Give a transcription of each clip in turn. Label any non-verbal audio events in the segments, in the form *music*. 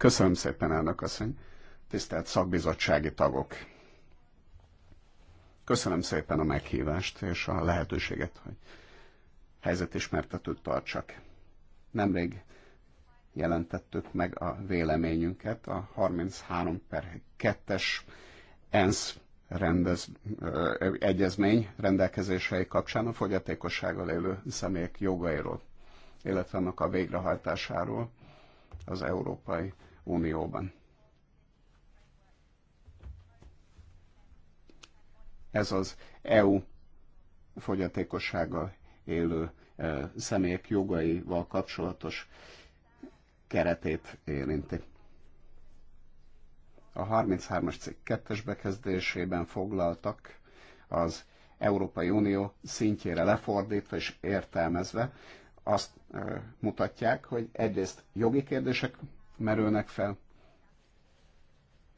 Köszönöm szépen, elnök asszony. Tisztelt szakbizottsági tagok. Köszönöm szépen a meghívást és a lehetőséget, hogy helyzetismertetőt tartsak. Nemrég jelentettük meg a véleményünket a 33 per 2-es ENSZ rendez, ö, egyezmény rendelkezései kapcsán a fogyatékossággal élő személyek jogairól, illetve annak a végrehajtásáról az Európai Unióban. Ez az EU fogyatékossággal élő e, személyek jogaival kapcsolatos keretét érinti. A 33-as cikk kettes bekezdésében foglaltak az Európai Unió szintjére lefordítva és értelmezve azt e, mutatják, hogy egyrészt jogi kérdések merülnek fel,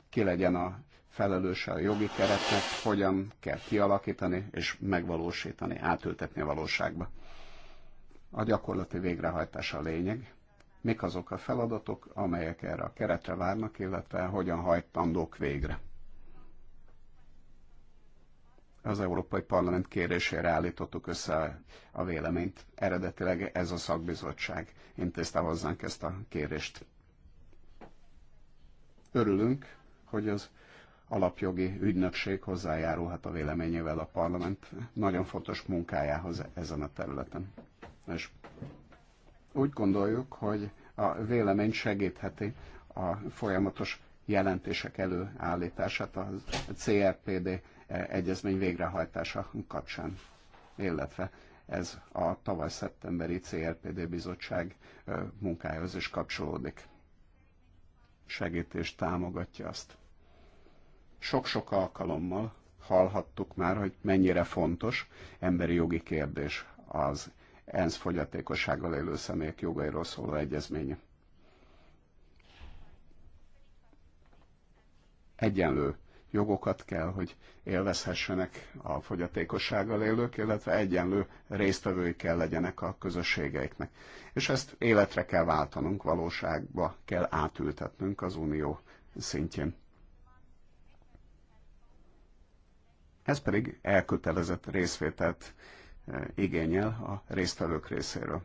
ki legyen a felelős a jogi keretnek, hogyan kell kialakítani és megvalósítani, átültetni a valóságba. A gyakorlati végrehajtás a lényeg. Mik azok a feladatok, amelyek erre a keretre várnak, illetve hogyan hajtandók végre? az Európai Parlament kérésére állítottuk össze a véleményt. Eredetileg ez a szakbizottság intézte hozzánk ezt a kérést. Örülünk, hogy az alapjogi ügynökség hozzájárulhat a véleményével a parlament nagyon fontos munkájához ezen a területen. És úgy gondoljuk, hogy a vélemény segítheti a folyamatos jelentések előállítását a CRPD egyezmény végrehajtása kapcsán, illetve ez a tavaly szeptemberi CRPD bizottság munkájához is kapcsolódik segít és támogatja azt. Sok-sok alkalommal hallhattuk már, hogy mennyire fontos emberi jogi kérdés az ENSZ fogyatékossággal élő személyek jogairól szóló egyezménye. Egyenlő jogokat kell, hogy élvezhessenek a fogyatékossággal élők, illetve egyenlő résztvevői kell legyenek a közösségeiknek. És ezt életre kell váltanunk, valóságba kell átültetnünk az unió szintjén. Ez pedig elkötelezett részvételt eh, igényel a résztvevők részéről.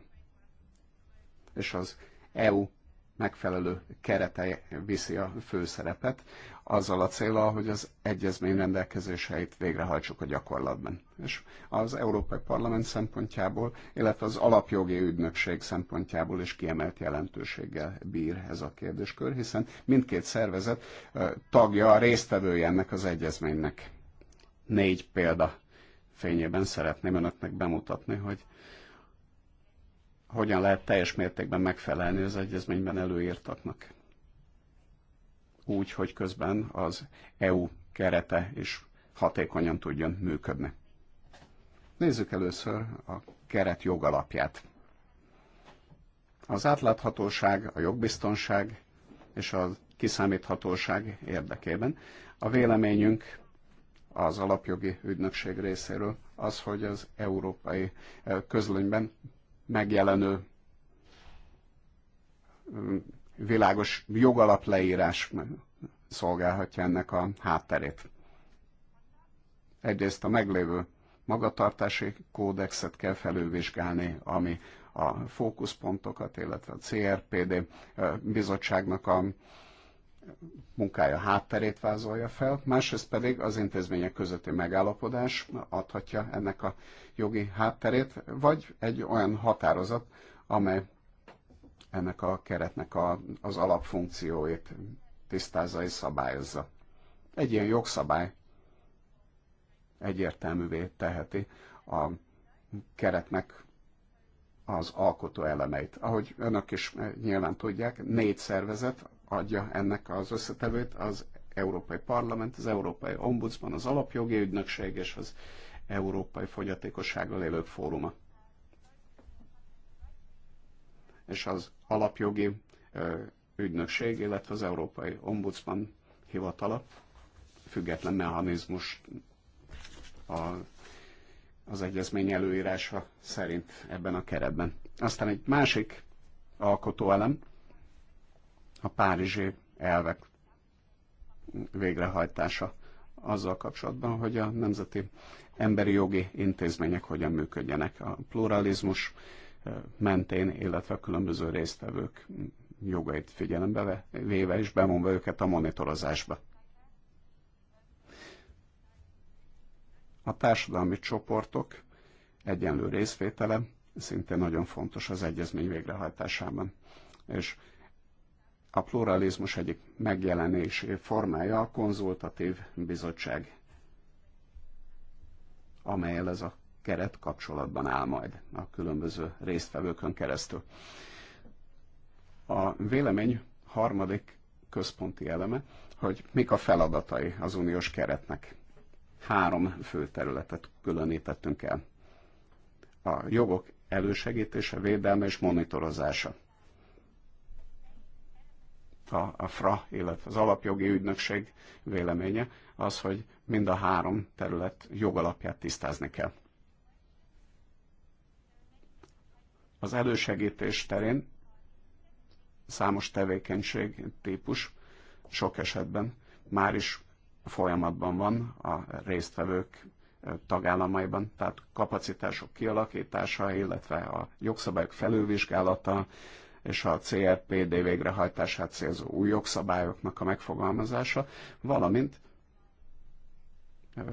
És az EU megfelelő kerete viszi a főszerepet azzal a célra, hogy az egyezmény rendelkezéseit végrehajtsuk a gyakorlatban. És az Európai Parlament szempontjából, illetve az alapjogi ügynökség szempontjából is kiemelt jelentőséggel bír ez a kérdéskör, hiszen mindkét szervezet tagja, a résztvevője ennek az egyezménynek. Négy példa fényében szeretném önöknek bemutatni, hogy hogyan lehet teljes mértékben megfelelni az egyezményben előírtaknak úgy, hogy közben az EU kerete is hatékonyan tudjon működni. Nézzük először a keret jogalapját. Az átláthatóság, a jogbiztonság és a kiszámíthatóság érdekében a véleményünk az alapjogi ügynökség részéről az, hogy az európai eh, közlönyben megjelenő mm, világos jogalapleírás szolgálhatja ennek a hátterét. Egyrészt a meglévő magatartási kódexet kell felülvizsgálni, ami a fókuszpontokat, illetve a CRPD bizottságnak a munkája hátterét vázolja fel, másrészt pedig az intézmények közötti megállapodás adhatja ennek a jogi hátterét, vagy egy olyan határozat, amely ennek a keretnek a, az alapfunkcióit tisztázza és szabályozza. Egy ilyen jogszabály egyértelművé teheti a keretnek az alkotó elemeit. Ahogy önök is eh, nyilván tudják, négy szervezet adja ennek az összetevőt, az Európai Parlament, az Európai Ombudsman, az Alapjogi Ügynökség és az Európai Fogyatékossággal Élők Fóruma és az alapjogi ügynökség, illetve az Európai Ombudsman hivatala független mechanizmus a, az egyezmény előírása szerint ebben a keretben. Aztán egy másik alkotóelem a párizsi elvek végrehajtása azzal kapcsolatban, hogy a nemzeti emberi jogi intézmények hogyan működjenek. A pluralizmus, mentén, illetve a különböző résztvevők jogait figyelembe véve és bemondva őket a monitorozásba. A társadalmi csoportok egyenlő részvétele szintén nagyon fontos az egyezmény végrehajtásában. És a pluralizmus egyik megjelenési formája a konzultatív bizottság, amelyel ez a keret kapcsolatban áll majd a különböző résztvevőkön keresztül. A vélemény harmadik központi eleme, hogy mik a feladatai az uniós keretnek. Három fő területet különítettünk el. A jogok elősegítése, védelme és monitorozása. A, a FRA, illetve az alapjogi ügynökség véleménye az, hogy mind a három terület jogalapját tisztázni kell. Az elősegítés terén számos tevékenység típus sok esetben már is folyamatban van a résztvevők tagállamaiban, tehát kapacitások kialakítása, illetve a jogszabályok felülvizsgálata és a CRPD végrehajtását célzó új jogszabályoknak a megfogalmazása, valamint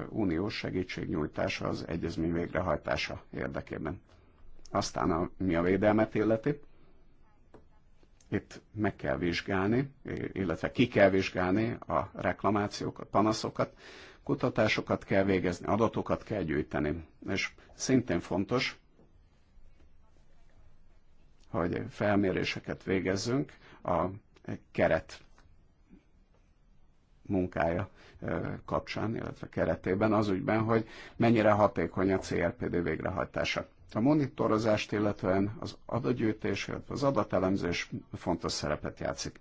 uniós segítségnyújtása az egyezmény végrehajtása érdekében. Aztán a, mi a védelmet illeti, itt meg kell vizsgálni, illetve ki kell vizsgálni a reklamációkat, panaszokat, kutatásokat kell végezni, adatokat kell gyűjteni. És szintén fontos, hogy felméréseket végezzünk a keret munkája kapcsán, illetve keretében az ügyben, hogy mennyire hatékony a CRPD végrehajtása a monitorozást, illetően az adagyűjtés, illetve az adatelemzés fontos szerepet játszik.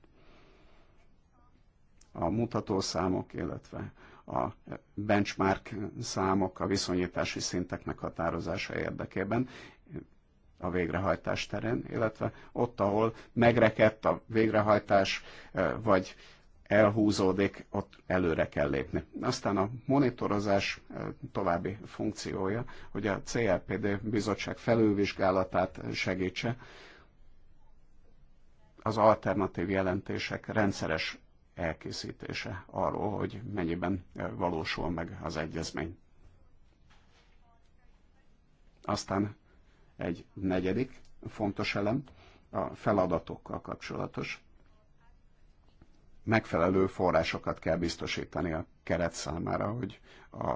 A mutatószámok, illetve a benchmark számok, a viszonyítási szintek meghatározása érdekében a végrehajtás terén, illetve ott, ahol megrekedt a végrehajtás, eh, vagy elhúzódik, ott előre kell lépni. Aztán a monitorozás további funkciója, hogy a CLPD bizottság felülvizsgálatát segítse, az alternatív jelentések rendszeres elkészítése arról, hogy mennyiben valósul meg az egyezmény. Aztán egy negyedik fontos elem a feladatokkal kapcsolatos megfelelő forrásokat kell biztosítani a keret számára, hogy a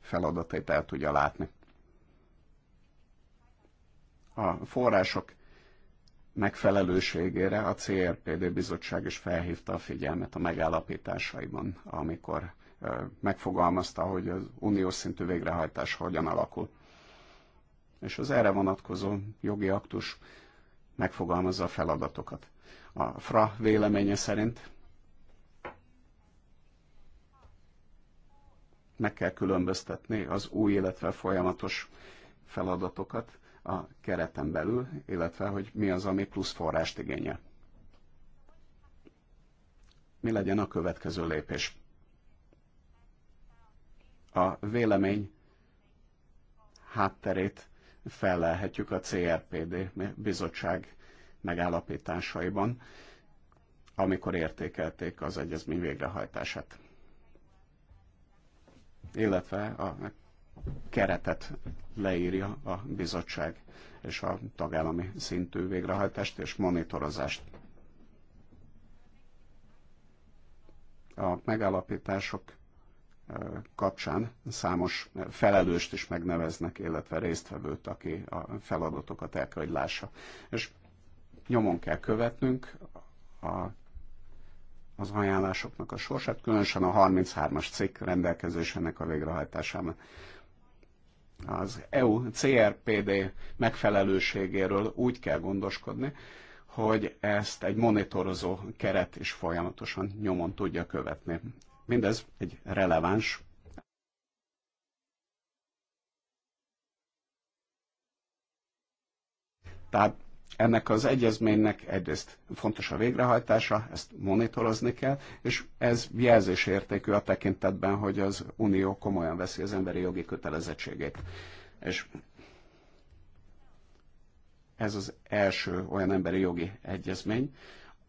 feladatait el tudja látni. A források megfelelőségére a CRPD bizottság is felhívta a figyelmet a megállapításaiban, amikor megfogalmazta, hogy az uniós szintű végrehajtás hogyan alakul. És az erre vonatkozó jogi aktus megfogalmazza a feladatokat. A FRA véleménye szerint meg kell különböztetni az új, illetve folyamatos feladatokat a kereten belül, illetve hogy mi az, ami plusz forrást igényel. Mi legyen a következő lépés? A vélemény hátterét fellelhetjük a CRPD bizottság megállapításaiban, amikor értékelték az egyezmény végrehajtását illetve a keretet leírja a bizottság és a tagállami szintű végrehajtást és monitorozást. A megállapítások kapcsán számos felelőst is megneveznek, illetve résztvevőt, aki a feladatokat el kell, hogy lássa. És nyomon kell követnünk a az ajánlásoknak a sorsát, különösen a 33-as cikk rendelkezésének a végrehajtásában. Az EU CRPD megfelelőségéről úgy kell gondoskodni, hogy ezt egy monitorozó keret is folyamatosan nyomon tudja követni. Mindez egy releváns tehát ennek az egyezménynek egyrészt fontos a végrehajtása, ezt monitorozni kell, és ez jelzésértékű a tekintetben, hogy az Unió komolyan veszi az emberi jogi kötelezettségét. És ez az első olyan emberi jogi egyezmény,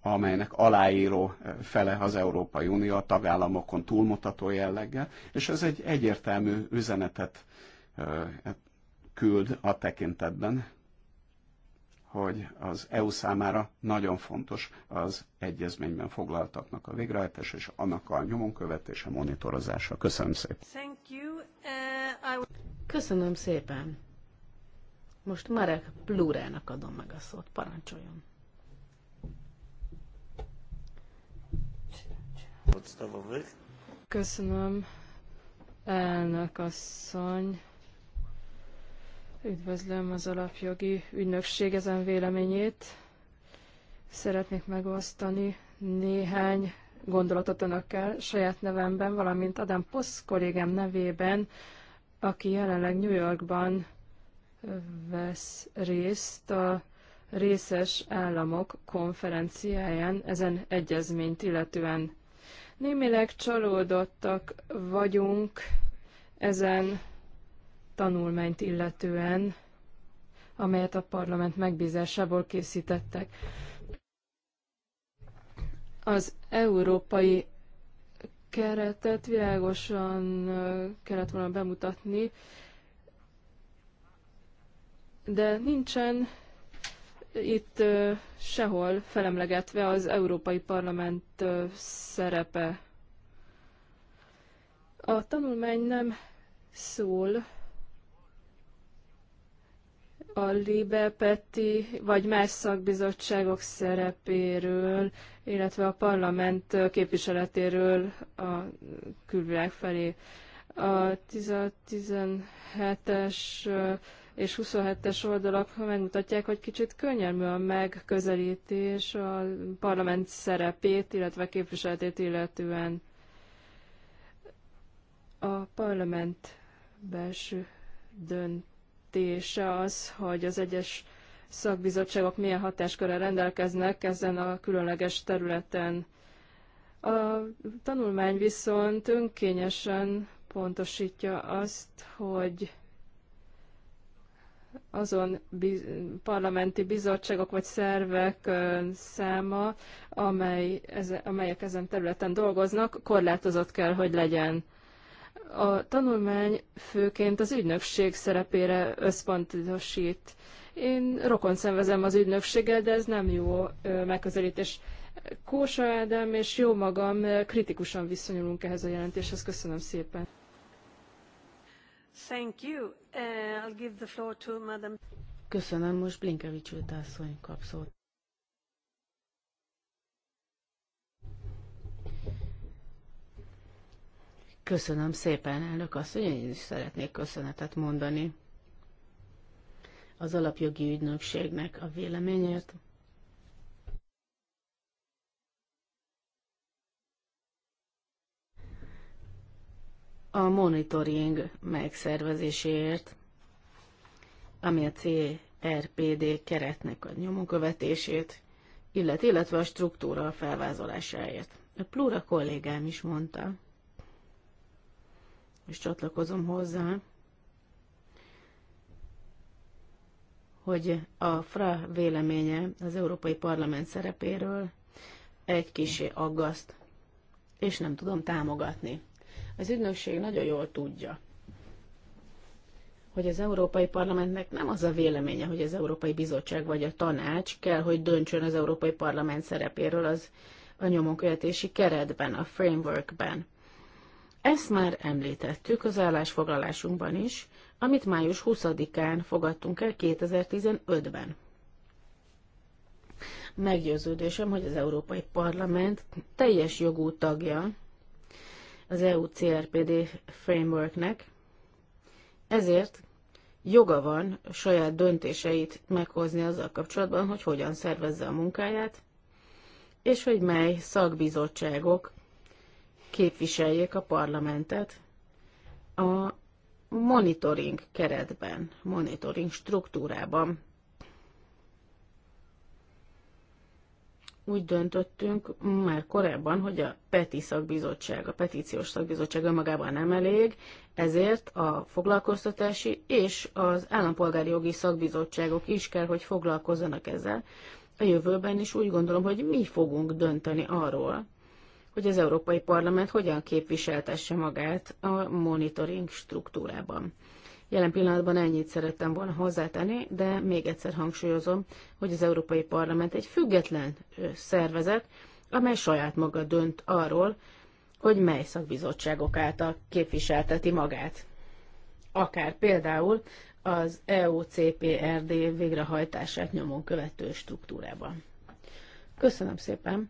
amelynek aláíró fele az Európai Unió a tagállamokon túlmutató jelleggel, és ez egy egyértelmű üzenetet hát küld a tekintetben, hogy az EU számára nagyon fontos az egyezményben foglaltaknak a végrehajtás és annak a nyomon követése, monitorozása. Köszönöm szépen. Thank you. Uh, I... Köszönöm szépen. Most Marek Plurának adom meg a szót. Parancsoljon. Köszönöm, elnök asszony. Üdvözlöm az alapjogi ügynökség ezen véleményét. Szeretnék megosztani néhány gondolatot önökkel saját nevemben, valamint Adam Posz kollégám nevében, aki jelenleg New Yorkban vesz részt a részes államok konferenciáján ezen egyezményt illetően. Némileg csalódottak vagyunk ezen tanulmányt illetően, amelyet a parlament megbízásából készítettek. Az európai keretet világosan kellett volna bemutatni, de nincsen itt sehol felemlegetve az Európai Parlament szerepe. A tanulmány nem szól a Peti, vagy más szakbizottságok szerepéről, illetve a parlament képviseletéről a külvilág felé. A 17-es és 27-es oldalak megmutatják, hogy kicsit könnyelmű a megközelítés a parlament szerepét, illetve képviseletét illetően a parlament belső dönt felvetése az, hogy az egyes szakbizottságok milyen hatáskörrel rendelkeznek ezen a különleges területen. A tanulmány viszont önkényesen pontosítja azt, hogy azon biz parlamenti bizottságok vagy szervek száma, amely, eze, amelyek ezen területen dolgoznak, korlátozott kell, hogy legyen. A tanulmány főként az ügynökség szerepére összpontosít. Én rokon szenvezem az ügynökséggel, de ez nem jó megközelítés. Kósa Ádám és jó magam kritikusan viszonyulunk ehhez a jelentéshez. Köszönöm szépen. Thank you. Uh, I'll give the floor to Madam. Köszönöm, most Blinkevics asszony kap szót. Köszönöm szépen, elnök asszony, én is szeretnék köszönetet mondani az alapjogi ügynökségnek a véleményért. A monitoring megszervezéséért, ami a CRPD keretnek a nyomokövetését, illetve a struktúra felvázolásáért. A Plura kollégám is mondta, és csatlakozom hozzá, hogy a FRA véleménye az Európai Parlament szerepéről egy kisé aggaszt, és nem tudom támogatni. Az ügynökség nagyon jól tudja, hogy az Európai Parlamentnek nem az a véleménye, hogy az Európai Bizottság vagy a tanács kell, hogy döntsön az Európai Parlament szerepéről az a nyomonkövetési keretben, a frameworkben. Ezt már említettük az állásfoglalásunkban is, amit május 20-án fogadtunk el 2015-ben. Meggyőződésem, hogy az Európai Parlament teljes jogú tagja az EU CRPD frameworknek, ezért joga van saját döntéseit meghozni azzal kapcsolatban, hogy hogyan szervezze a munkáját, és hogy mely szakbizottságok képviseljék a parlamentet a monitoring keretben, monitoring struktúrában. Úgy döntöttünk már korábban, hogy a PETI szakbizottság, a petíciós szakbizottság önmagában nem elég, ezért a foglalkoztatási és az állampolgári jogi szakbizottságok is kell, hogy foglalkozzanak ezzel. A jövőben is úgy gondolom, hogy mi fogunk dönteni arról, hogy az Európai Parlament hogyan képviseltesse magát a monitoring struktúrában. Jelen pillanatban ennyit szerettem volna hozzátenni, de még egyszer hangsúlyozom, hogy az Európai Parlament egy független szervezet, amely saját maga dönt arról, hogy mely szakbizottságok által képviselteti magát. Akár például az eu végrehajtását nyomon követő struktúrában. Köszönöm szépen!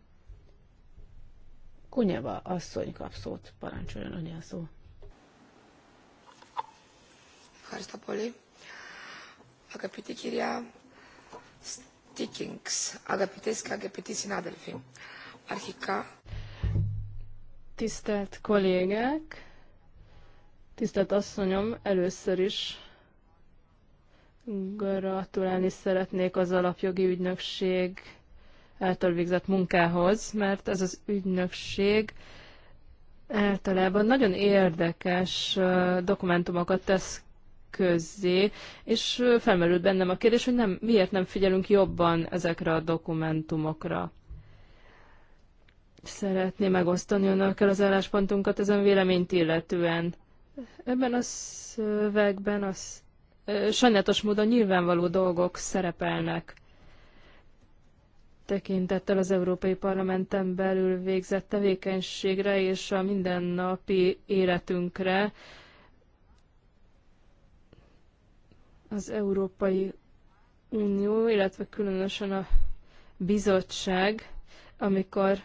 Kunyeva asszony kap szót. Parancsoljon, annyi a szó. Harstapoli. Agapiti kirja Stickings. Agapitiszka, και αγαπητοί Archika, Tisztelt kollégák, tisztelt asszonyom, először is gratulálni szeretnék az alapjogi ügynökség által végzett munkához, mert ez az ügynökség általában nagyon érdekes dokumentumokat tesz közzé, és felmerült bennem a kérdés, hogy nem, miért nem figyelünk jobban ezekre a dokumentumokra. Szeretném megosztani önökkel az álláspontunkat ezen véleményt illetően. Ebben a szövegben az sajnálatos módon nyilvánvaló dolgok szerepelnek tekintettel az Európai Parlamenten belül végzett tevékenységre és a mindennapi életünkre. Az Európai Unió, illetve különösen a bizottság, amikor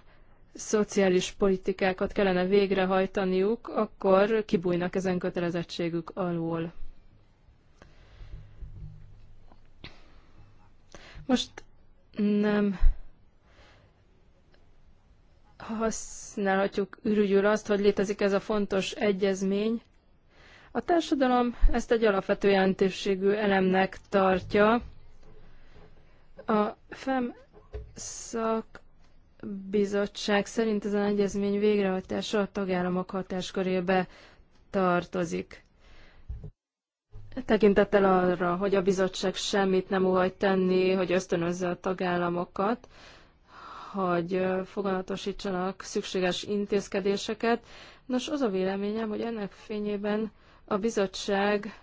szociális politikákat kellene végrehajtaniuk, akkor kibújnak ezen kötelezettségük alól. Most nem használhatjuk ürügyül azt, hogy létezik ez a fontos egyezmény. A társadalom ezt egy alapvető jelentőségű elemnek tartja. A FEM szakbizottság szerint ez az egyezmény végrehajtása a tagállamok hatáskörébe tartozik. Tekintettel arra, hogy a bizottság semmit nem óhajt tenni, hogy ösztönözze a tagállamokat, hogy foganatosítsanak szükséges intézkedéseket. Nos, az a véleményem, hogy ennek fényében a bizottság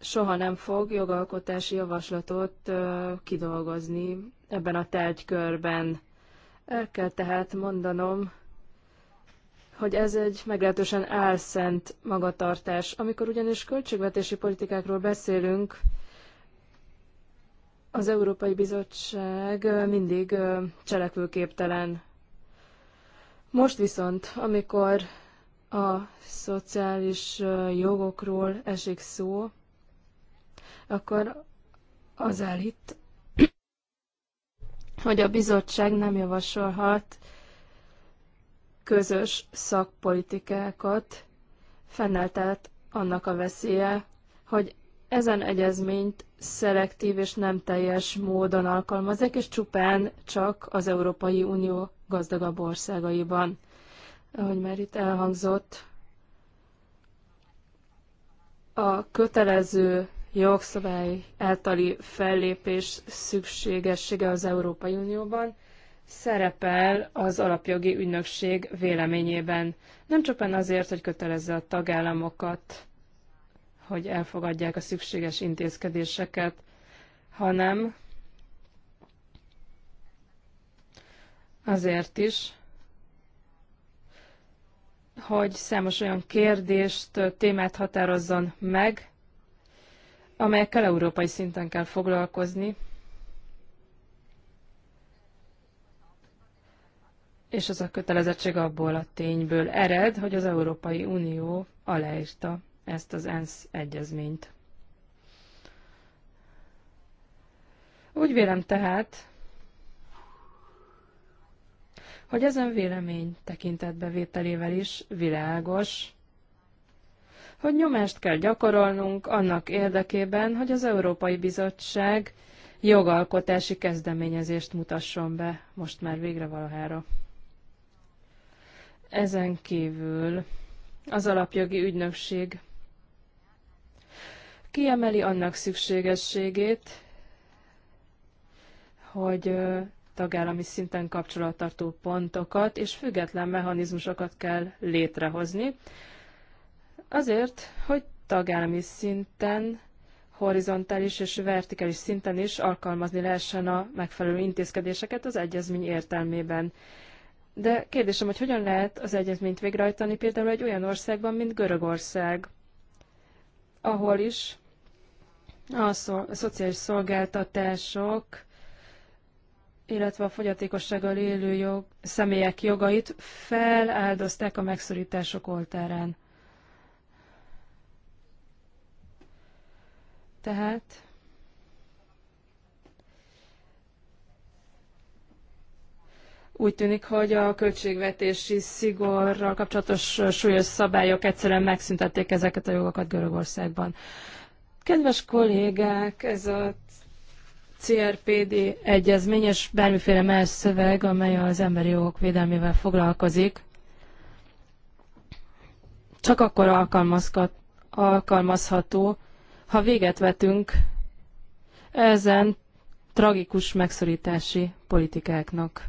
soha nem fog jogalkotási javaslatot kidolgozni ebben a tárgykörben. El kell tehát mondanom, hogy ez egy meglehetősen álszent magatartás. Amikor ugyanis költségvetési politikákról beszélünk, az Európai Bizottság mindig cselekvőképtelen. Most viszont, amikor a szociális jogokról esik szó, akkor az elhitt, hogy a bizottság nem javasolhat közös szakpolitikákat, fenneltelt annak a veszélye, hogy ezen egyezményt szelektív és nem teljes módon alkalmazzák, és csupán csak az Európai Unió gazdagabb országaiban. Ahogy már itt elhangzott, a kötelező jogszabály általi fellépés szükségessége az Európai Unióban – szerepel az alapjogi ügynökség véleményében. Nem csupán azért, hogy kötelezze a tagállamokat, hogy elfogadják a szükséges intézkedéseket, hanem azért is, hogy számos olyan kérdést, témát határozzon meg, amelyekkel európai szinten kell foglalkozni, és ez a kötelezettség abból a tényből ered, hogy az Európai Unió aláírta ezt az ENSZ egyezményt. Úgy vélem tehát, hogy ezen vélemény vételével is világos, hogy nyomást kell gyakorolnunk annak érdekében, hogy az Európai Bizottság jogalkotási kezdeményezést mutasson be most már végre valahára. Ezen kívül az alapjogi ügynökség kiemeli annak szükségességét, hogy tagállami szinten kapcsolattartó pontokat és független mechanizmusokat kell létrehozni, azért, hogy tagállami szinten, horizontális és vertikális szinten is alkalmazni lehessen a megfelelő intézkedéseket az egyezmény értelmében. De kérdésem, hogy hogyan lehet az egyezményt végrehajtani például egy olyan országban, mint Görögország, ahol is a, szó, a szociális szolgáltatások, illetve a fogyatékossággal élő jog, személyek jogait feláldozták a megszorítások oltárán. Tehát Úgy tűnik, hogy a költségvetési szigorral kapcsolatos súlyos szabályok egyszerűen megszüntették ezeket a jogokat Görögországban. Kedves kollégák, ez a CRPD egyezmény és bármiféle más szöveg, amely az emberi jogok védelmével foglalkozik, csak akkor alkalmazható, ha véget vetünk ezen tragikus megszorítási politikáknak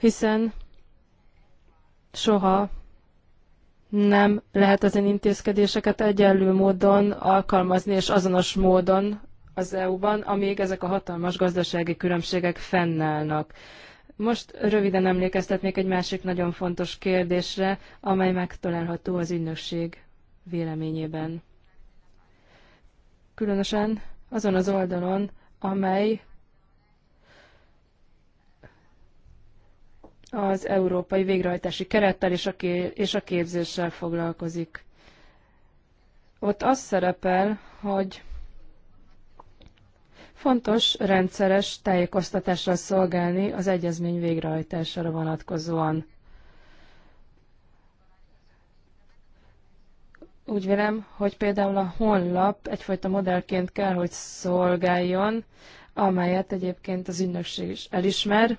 hiszen soha nem lehet én intézkedéseket egyenlő módon alkalmazni és azonos módon az EU-ban, amíg ezek a hatalmas gazdasági különbségek fennállnak. Most röviden emlékeztetnék egy másik nagyon fontos kérdésre, amely megtalálható az ügynökség véleményében. Különösen azon az oldalon, amely az európai végrehajtási kerettel és a, és a képzéssel foglalkozik. Ott az szerepel, hogy fontos rendszeres tájékoztatásra szolgálni az egyezmény végrehajtására vonatkozóan. Úgy vélem, hogy például a honlap egyfajta modellként kell, hogy szolgáljon, amelyet egyébként az ügynökség is elismer,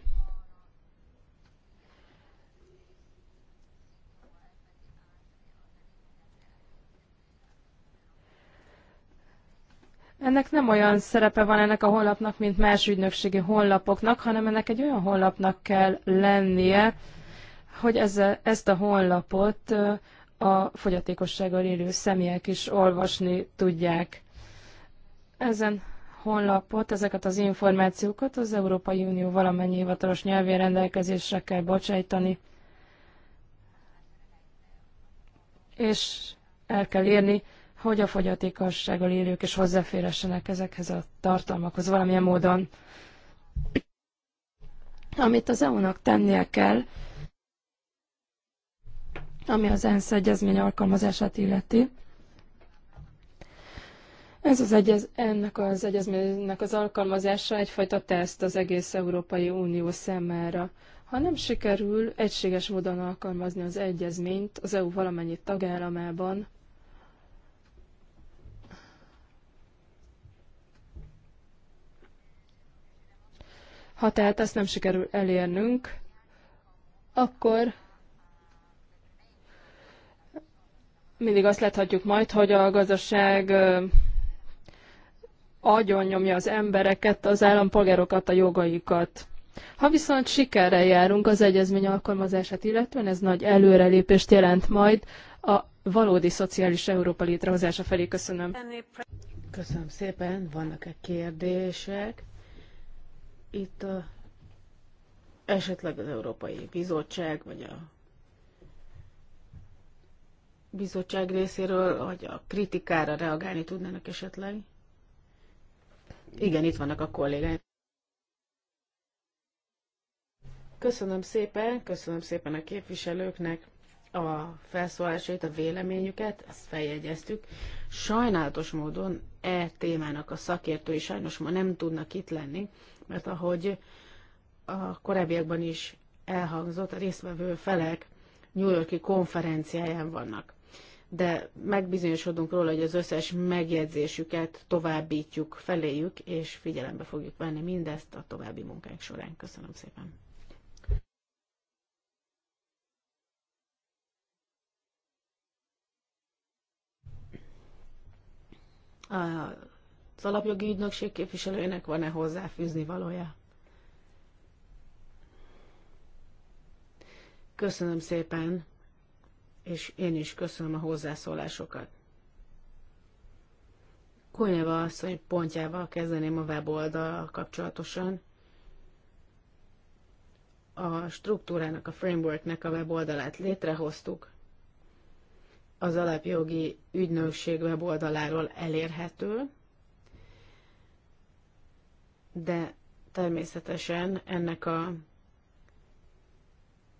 Ennek nem olyan szerepe van ennek a honlapnak, mint más ügynökségi honlapoknak, hanem ennek egy olyan honlapnak kell lennie, hogy ezzel, ezt a honlapot a fogyatékossággal élő személyek is olvasni tudják. Ezen honlapot, ezeket az információkat az Európai Unió valamennyi hivatalos nyelvén rendelkezésre kell bocsájtani, és el kell érni, hogy a fogyatékossággal élők is hozzáférhessenek ezekhez a tartalmakhoz valamilyen módon. Amit az EU-nak tennie kell, ami az ENSZ egyezmény alkalmazását illeti, ez az egyez, ennek az egyezménynek az alkalmazása egyfajta teszt az egész Európai Unió számára. Ha nem sikerül egységes módon alkalmazni az egyezményt az EU valamennyi tagállamában, Ha tehát ezt nem sikerül elérnünk, akkor mindig azt láthatjuk majd, hogy a gazdaság agyonnyomja az embereket, az állampolgárokat, a jogaikat. Ha viszont sikerrel járunk az egyezmény alkalmazását illetően, ez nagy előrelépést jelent majd a valódi szociális Európa létrehozása felé. Köszönöm. Köszönöm szépen. Vannak-e kérdések? Itt a, esetleg az Európai Bizottság, vagy a bizottság részéről, hogy a kritikára reagálni tudnának esetleg. Igen, itt vannak a kollégáim. Köszönöm szépen, köszönöm szépen a képviselőknek a felszólásait, a véleményüket, ezt feljegyeztük. Sajnálatos módon e témának a szakértői sajnos ma nem tudnak itt lenni, mert ahogy a korábbiakban is elhangzott, a résztvevő felek New Yorki konferenciáján vannak. De megbizonyosodunk róla, hogy az összes megjegyzésüket továbbítjuk feléjük, és figyelembe fogjuk venni mindezt a további munkánk során. Köszönöm szépen! A az alapjogi ügynökség képviselőjének van-e hozzáfűzni valója? Köszönöm szépen, és én is köszönöm a hozzászólásokat. Kunyeva asszony pontjával kezdeném a weboldal kapcsolatosan. A struktúrának, a frameworknek a weboldalát létrehoztuk. Az alapjogi ügynökség weboldaláról elérhető, de természetesen ennek a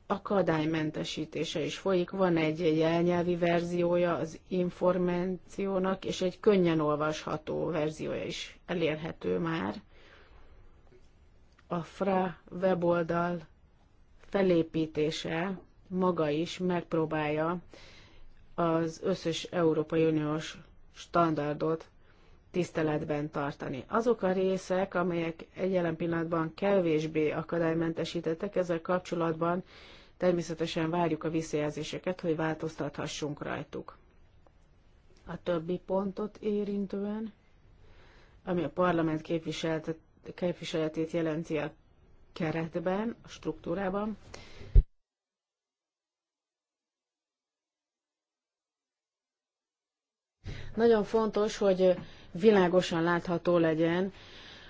akadálymentesítése is folyik. Van egy, jelnyelvi verziója az információnak, és egy könnyen olvasható verziója is elérhető már. A FRA weboldal felépítése maga is megpróbálja az összes Európai Uniós standardot tiszteletben tartani. Azok a részek, amelyek egy jelen pillanatban kevésbé akadálymentesítettek ezzel kapcsolatban, természetesen várjuk a visszajelzéseket, hogy változtathassunk rajtuk. A többi pontot érintően, ami a parlament képviseletét jelenti a keretben, a struktúrában, nagyon fontos, hogy világosan látható legyen,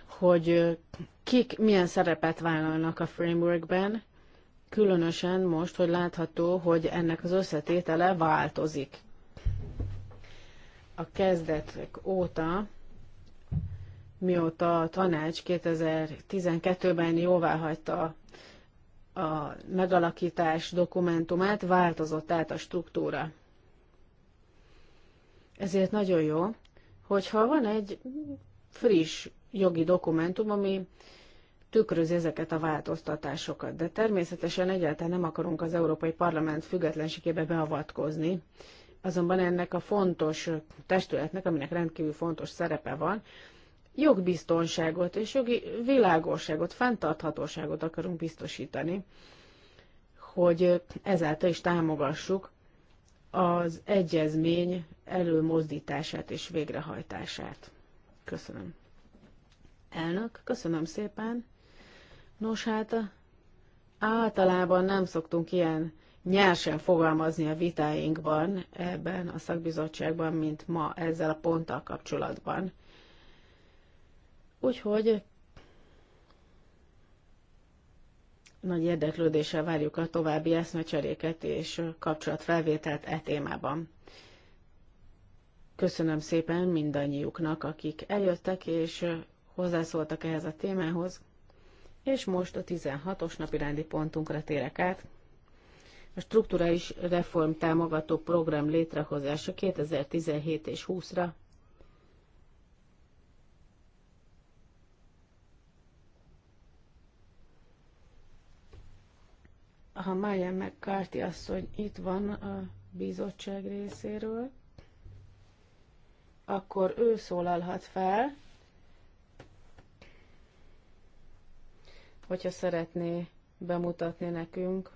hogy kik milyen szerepet vállalnak a frameworkben, különösen most, hogy látható, hogy ennek az összetétele változik. A kezdetek óta, mióta a tanács 2012-ben jóvá hagyta a megalakítás dokumentumát, változott át a struktúra. Ezért nagyon jó, hogyha van egy friss jogi dokumentum, ami tükrözi ezeket a változtatásokat. De természetesen egyáltalán nem akarunk az Európai Parlament függetlenségébe beavatkozni, azonban ennek a fontos testületnek, aminek rendkívül fontos szerepe van, jogbiztonságot és jogi világosságot, fenntarthatóságot akarunk biztosítani, hogy ezáltal is támogassuk az egyezmény előmozdítását és végrehajtását. Köszönöm. Elnök, köszönöm szépen. Nos hát, általában nem szoktunk ilyen nyersen fogalmazni a vitáinkban ebben a szakbizottságban, mint ma ezzel a ponttal kapcsolatban. Úgyhogy nagy érdeklődéssel várjuk a további eszmecseréket és kapcsolatfelvételt e témában. Köszönöm szépen mindannyiuknak, akik eljöttek és hozzászóltak ehhez a témához, és most a 16-os napi rendi pontunkra térek át. A strukturális reform támogató program létrehozása 2017 és 20-ra ha Máján Kárti asszony itt van a bizottság részéről, akkor ő szólalhat fel, hogyha szeretné bemutatni nekünk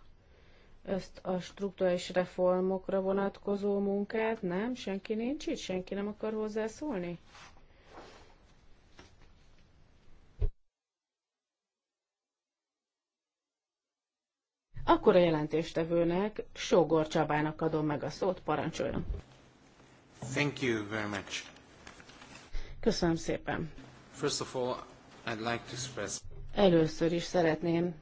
ezt a struktúrális reformokra vonatkozó munkát. Nem? Senki nincs itt? Senki nem akar hozzászólni? Akkor a jelentéstevőnek, Sógor Csabának adom meg a szót, parancsoljon. Thank you very much. Köszönöm szépen. First of all, I'd like to express... Először is szeretném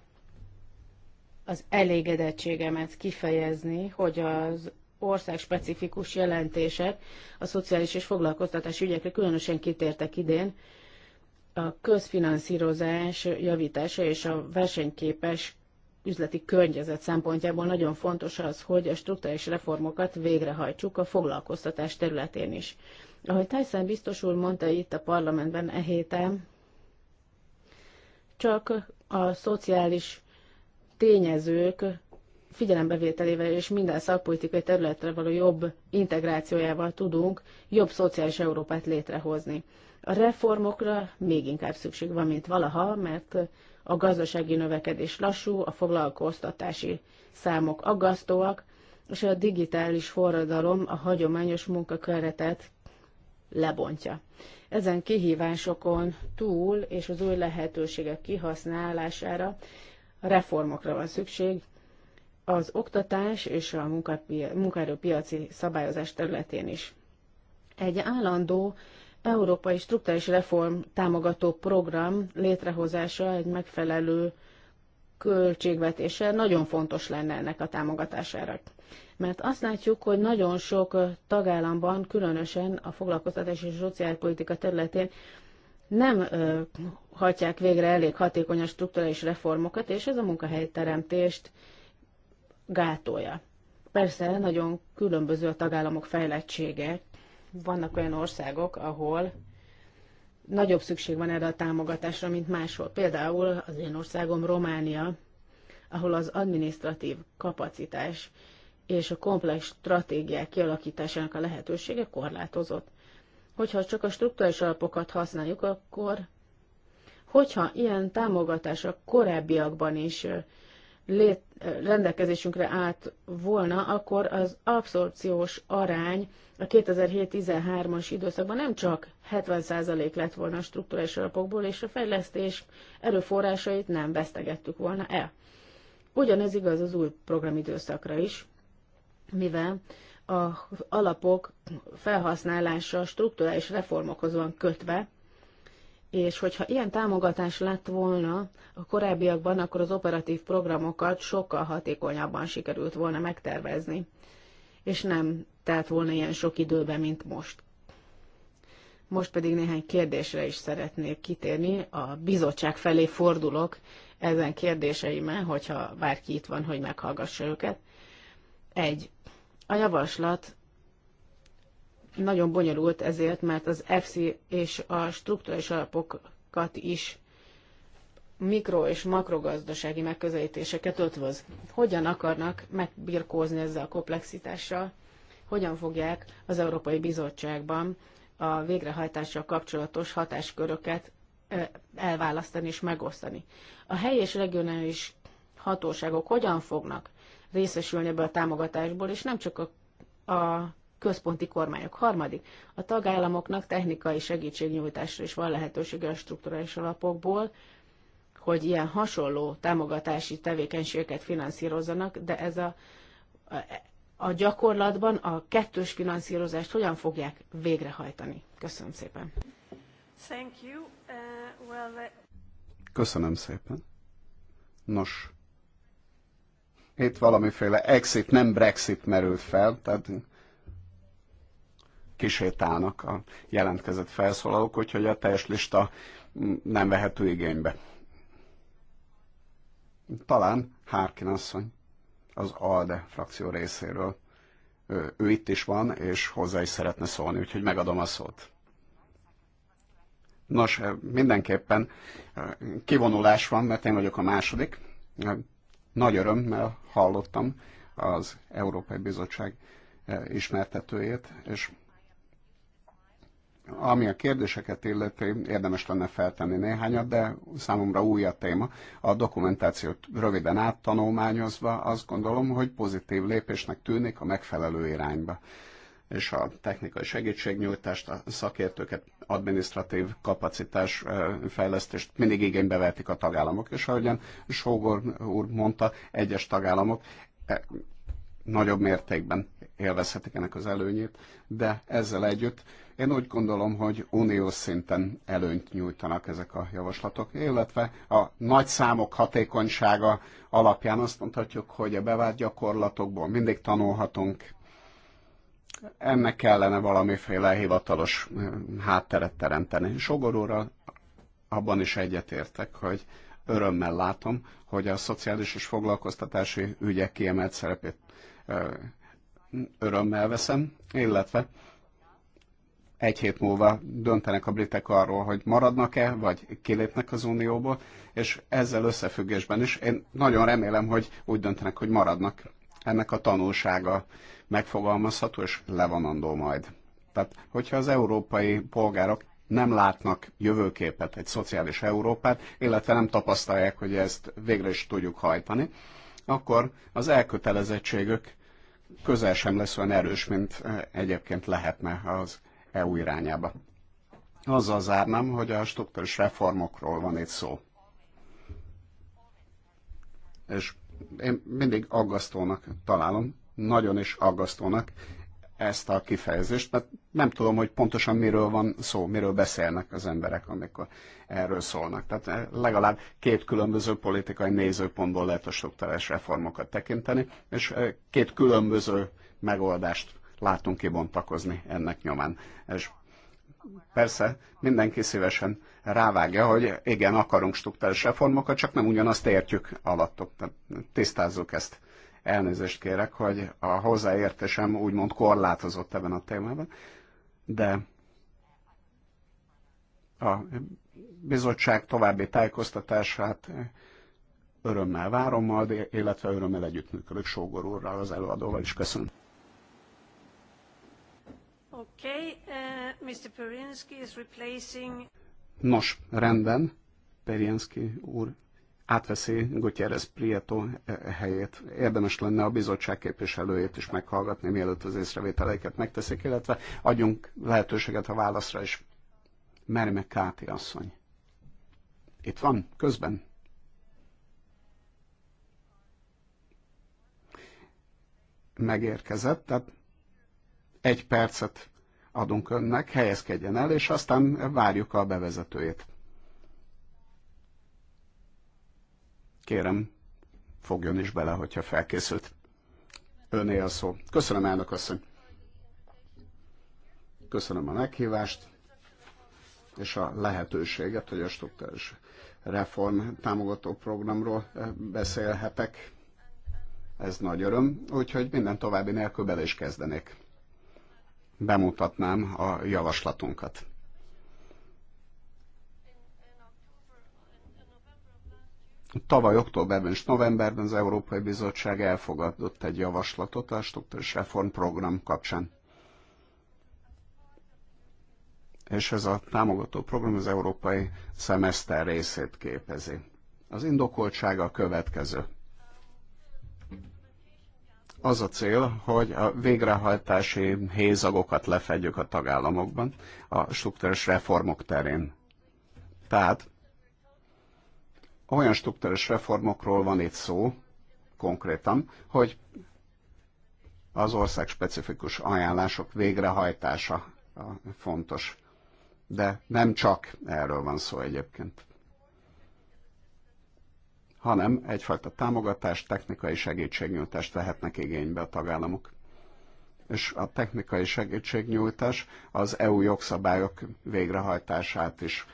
az elégedettségemet kifejezni, hogy az ország specifikus jelentések a szociális és foglalkoztatási ügyekre különösen kitértek idén. A közfinanszírozás javítása és a versenyképes üzleti környezet szempontjából nagyon fontos az, hogy a struktúrális reformokat végrehajtsuk a foglalkoztatás területén is. Ahogy Tyson biztos úr mondta itt a parlamentben e héten, csak a szociális tényezők figyelembevételével és minden szakpolitikai területre való jobb integrációjával tudunk jobb szociális Európát létrehozni. A reformokra még inkább szükség van, mint valaha, mert a gazdasági növekedés lassú, a foglalkoztatási számok aggasztóak, és a digitális forradalom a hagyományos munkaköretet lebontja. Ezen kihívásokon túl és az új lehetőségek kihasználására reformokra van szükség az oktatás és a munkaerőpiaci szabályozás területén is. Egy állandó Európai Struktúrális Reform támogató program létrehozása egy megfelelő költségvetése nagyon fontos lenne ennek a támogatására. Mert azt látjuk, hogy nagyon sok tagállamban, különösen a foglalkoztatás és szociálpolitika területén nem ö, hajtják végre elég hatékony a strukturális reformokat, és ez a munkahelyteremtést gátolja. Persze nagyon különböző a tagállamok fejlettsége vannak olyan országok, ahol nagyobb szükség van erre a támogatásra, mint máshol. Például az én országom Románia, ahol az administratív kapacitás és a komplex stratégiák kialakításának a lehetősége korlátozott. Hogyha csak a struktúrális alapokat használjuk, akkor hogyha ilyen támogatás a korábbiakban is lét, rendelkezésünkre állt volna, akkor az abszorpciós arány a 2007-13-as időszakban nem csak 70% lett volna a struktúrális alapokból, és a fejlesztés erőforrásait nem vesztegettük volna el. Ugyanez igaz az új programidőszakra is, mivel a alapok felhasználása strukturális reformokhoz van kötve, és hogyha ilyen támogatás lett volna a korábbiakban, akkor az operatív programokat sokkal hatékonyabban sikerült volna megtervezni, és nem telt volna ilyen sok időben mint most. Most pedig néhány kérdésre is szeretnék kitérni. A bizottság felé fordulok ezen kérdéseimmel, hogyha bárki itt van, hogy meghallgassa őket. Egy. A javaslat nagyon bonyolult ezért, mert az EFSI és a struktúrális alapokat is mikro- és makrogazdasági megközelítéseket ötvöz. Hogyan akarnak megbirkózni ezzel a komplexitással? Hogyan fogják az Európai Bizottságban a végrehajtással kapcsolatos hatásköröket elválasztani és megosztani? A helyi és regionális hatóságok hogyan fognak részesülni ebből a támogatásból, és nem csak a, a központi kormányok. Harmadik, a tagállamoknak technikai segítségnyújtásra is van lehetősége a strukturális alapokból, hogy ilyen hasonló támogatási tevékenységeket finanszírozzanak, de ez a, a gyakorlatban a kettős finanszírozást hogyan fogják végrehajtani? Köszönöm szépen. Thank you. Uh, well, Köszönöm szépen. Nos, itt valamiféle exit, nem Brexit merült fel, tehát kisétálnak a jelentkezett felszólalók, úgyhogy a teljes lista nem vehető igénybe. Talán Hárkin asszony az ALDE frakció részéről. Ő, ő itt is van, és hozzá is szeretne szólni, úgyhogy megadom a szót. Nos, eh, mindenképpen eh, kivonulás van, mert én vagyok a második. Eh, nagy örömmel hallottam az Európai Bizottság ismertetőjét, és ami a kérdéseket illeti, érdemes lenne feltenni néhányat, de számomra új a téma. A dokumentációt röviden áttanulmányozva azt gondolom, hogy pozitív lépésnek tűnik a megfelelő irányba és a technikai segítségnyújtást, a szakértőket, adminisztratív kapacitás fejlesztést mindig igénybe vehetik a tagállamok. És ahogyan Sógor úr mondta, egyes tagállamok e, nagyobb mértékben élvezhetik ennek az előnyét, de ezzel együtt én úgy gondolom, hogy uniós szinten előnyt nyújtanak ezek a javaslatok, illetve a nagy számok hatékonysága alapján azt mondhatjuk, hogy a bevált gyakorlatokból mindig tanulhatunk. Ennek kellene valamiféle hivatalos hátteret teremteni. Sogor úrral abban is egyetértek, hogy örömmel látom, hogy a szociális és foglalkoztatási ügyek kiemelt szerepét örömmel veszem, illetve egy hét múlva döntenek a britek arról, hogy maradnak-e, vagy kilépnek az Unióból, és ezzel összefüggésben is én nagyon remélem, hogy úgy döntenek, hogy maradnak. Ennek a tanulsága megfogalmazható és levonandó majd. Tehát, hogyha az európai polgárok nem látnak jövőképet, egy szociális Európát, illetve nem tapasztalják, hogy ezt végre is tudjuk hajtani, akkor az elkötelezettségük közel sem lesz olyan erős, mint eh, egyébként lehetne az EU irányába. Azzal zárnám, hogy a struktúrális reformokról van itt szó. És én mindig aggasztónak találom, nagyon is aggasztónak ezt a kifejezést, mert nem tudom, hogy pontosan miről van szó, miről beszélnek az emberek, amikor erről szólnak. Tehát eh, legalább két különböző politikai nézőpontból lehet a struktúrás reformokat tekinteni, és eh, két különböző megoldást látunk kibontakozni ennek nyomán. És persze mindenki szívesen rávágja, hogy igen, akarunk struktúrás reformokat, csak nem ugyanazt értjük alattok. Tehát tisztázzuk ezt Elnézést kérek, hogy a hozzáértésem úgymond korlátozott ebben a témában, de a bizottság további tájékoztatását örömmel várom majd, illetve örömmel együttműködök Sógor úrral, az előadóval is köszönöm. Okay, uh, Mr. is replacing... Nos, rendben, Perinsky úr átveszi Gutierrez Prieto eh, helyét. Érdemes lenne a bizottság képviselőjét is meghallgatni, mielőtt az észrevételeiket megteszik, illetve adjunk lehetőséget a válaszra is. Merme Káti asszony. Itt van, közben. Megérkezett, tehát egy percet adunk önnek, helyezkedjen el, és aztán várjuk a bevezetőjét. Kérem, fogjon is bele, hogyha felkészült. Öné a szó. Köszönöm, elnök asszony. Köszönöm a meghívást és a lehetőséget, hogy a struktúrás reform támogató programról eh, beszélhetek. Ez nagy öröm, úgyhogy minden további nélkül bele is kezdenék. Bemutatnám a javaslatunkat. Tavaly októberben és novemberben az Európai Bizottság elfogadott egy javaslatot a struktúrás reformprogram kapcsán. És ez a támogató program az európai szemeszter részét képezi. Az indokoltsága a következő. Az a cél, hogy a végrehajtási hézagokat lefedjük a tagállamokban a struktúrás reformok terén. Tehát olyan struktúrás reformokról van itt szó konkrétan, hogy az ország specifikus ajánlások végrehajtása fontos. De nem csak erről van szó egyébként hanem egyfajta támogatást, technikai segítségnyújtást vehetnek igénybe a tagállamok. És a technikai segítségnyújtás az EU jogszabályok végrehajtását is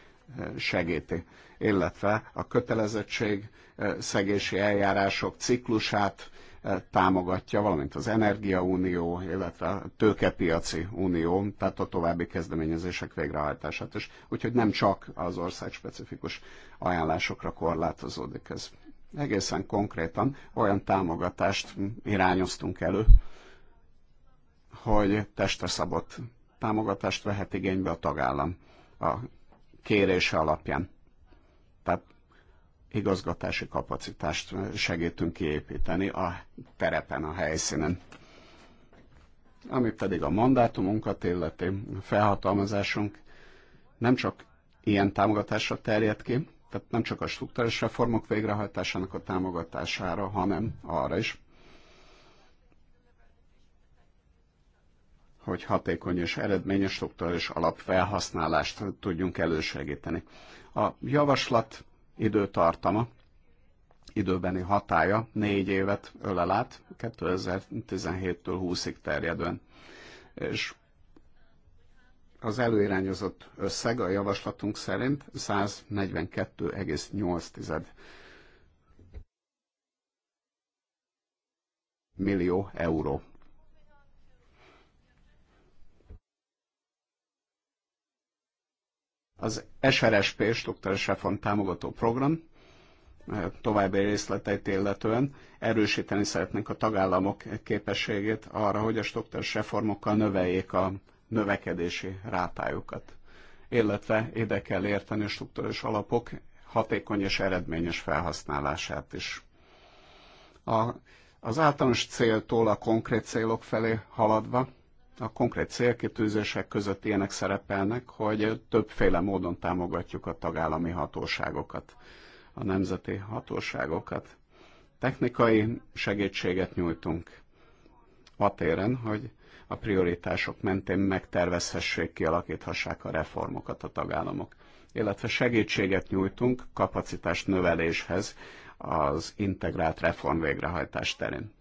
segíti, illetve a kötelezettség eh, szegési eljárások ciklusát eh, támogatja, valamint az Energiaunió, illetve a Tőkepiaci Unió, tehát a további kezdeményezések végrehajtását is. Úgyhogy nem csak az ország specifikus ajánlásokra korlátozódik ez. Egészen konkrétan olyan támogatást irányoztunk elő, hogy testre szabott támogatást vehet igénybe a tagállam a kérése alapján. Tehát igazgatási kapacitást segítünk kiépíteni a terepen, a helyszínen. Ami pedig a mandátumunkat illeti, felhatalmazásunk nem csak ilyen támogatásra terjed ki, tehát nem csak a struktúrális reformok végrehajtásának a támogatására, hanem arra is, hogy hatékony és eredményes struktúrális alapfelhasználást tudjunk elősegíteni. A javaslat időtartama, időbeni hatája négy évet ölel át, 2017-től 20-ig terjedően. És az előirányozott összeg a javaslatunk szerint 142,8 millió euró Az SRSP, struktúrás reform támogató program, eh, további részleteit illetően erősíteni szeretnénk a tagállamok képességét arra, hogy a struktúrás reformokkal növeljék a növekedési rátájukat. Illetve ide kell érteni a struktúrás alapok hatékony és eredményes felhasználását is. A, az általános céltól a konkrét célok felé haladva a konkrét célkitűzések között ilyenek szerepelnek, hogy többféle módon támogatjuk a tagállami hatóságokat, a nemzeti hatóságokat. Technikai segítséget nyújtunk a téren, hogy a prioritások mentén megtervezhessék, kialakíthassák a reformokat a tagállamok. Illetve segítséget nyújtunk kapacitás növeléshez az integrált reform végrehajtás terén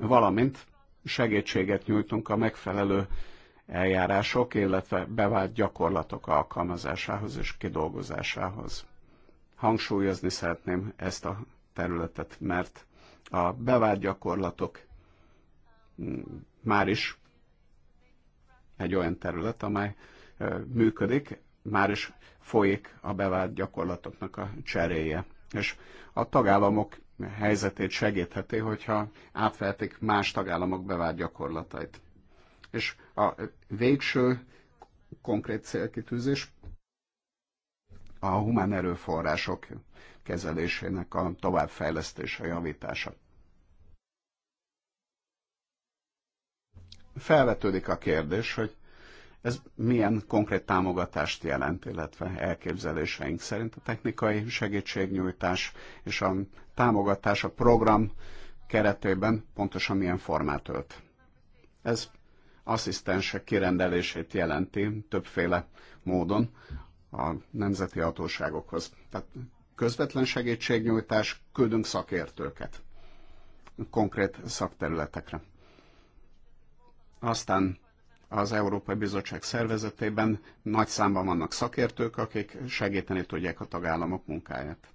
valamint segítséget nyújtunk a megfelelő eljárások, illetve bevált gyakorlatok alkalmazásához és kidolgozásához. Hangsúlyozni szeretném ezt a területet, mert a bevált gyakorlatok mm, már is egy olyan terület, amely működik, már is folyik a bevált gyakorlatoknak a cseréje. És a tagállamok helyzetét segítheti, hogyha átvehetik más tagállamok bevált gyakorlatait. És a végső konkrét célkitűzés a humán erőforrások kezelésének a továbbfejlesztése, javítása. Felvetődik a kérdés, hogy ez milyen konkrét támogatást jelent, illetve elképzeléseink szerint a technikai segítségnyújtás és a támogatás a program keretében pontosan milyen formát ölt. Ez asszisztensek kirendelését jelenti többféle módon a nemzeti hatóságokhoz. Tehát közvetlen segítségnyújtás, küldünk szakértőket konkrét szakterületekre. Aztán az Európai Bizottság szervezetében nagy számban vannak szakértők, akik segíteni tudják a tagállamok munkáját.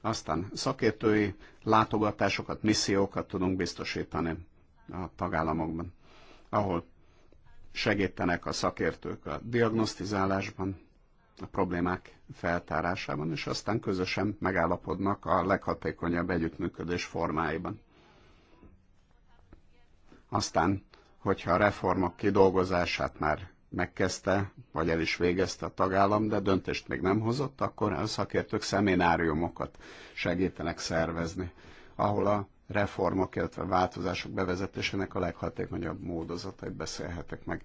Aztán szakértői látogatásokat, missziókat tudunk biztosítani a tagállamokban, ahol segítenek a szakértők a diagnosztizálásban, a problémák feltárásában, és aztán közösen megállapodnak a leghatékonyabb együttműködés formáiban. Aztán hogyha a reformok kidolgozását már megkezdte, vagy el is végezte a tagállam, de döntést még nem hozott, akkor a szakértők szemináriumokat segítenek szervezni, ahol a reformok, illetve változások bevezetésének a leghatékonyabb módozatait beszélhetek meg.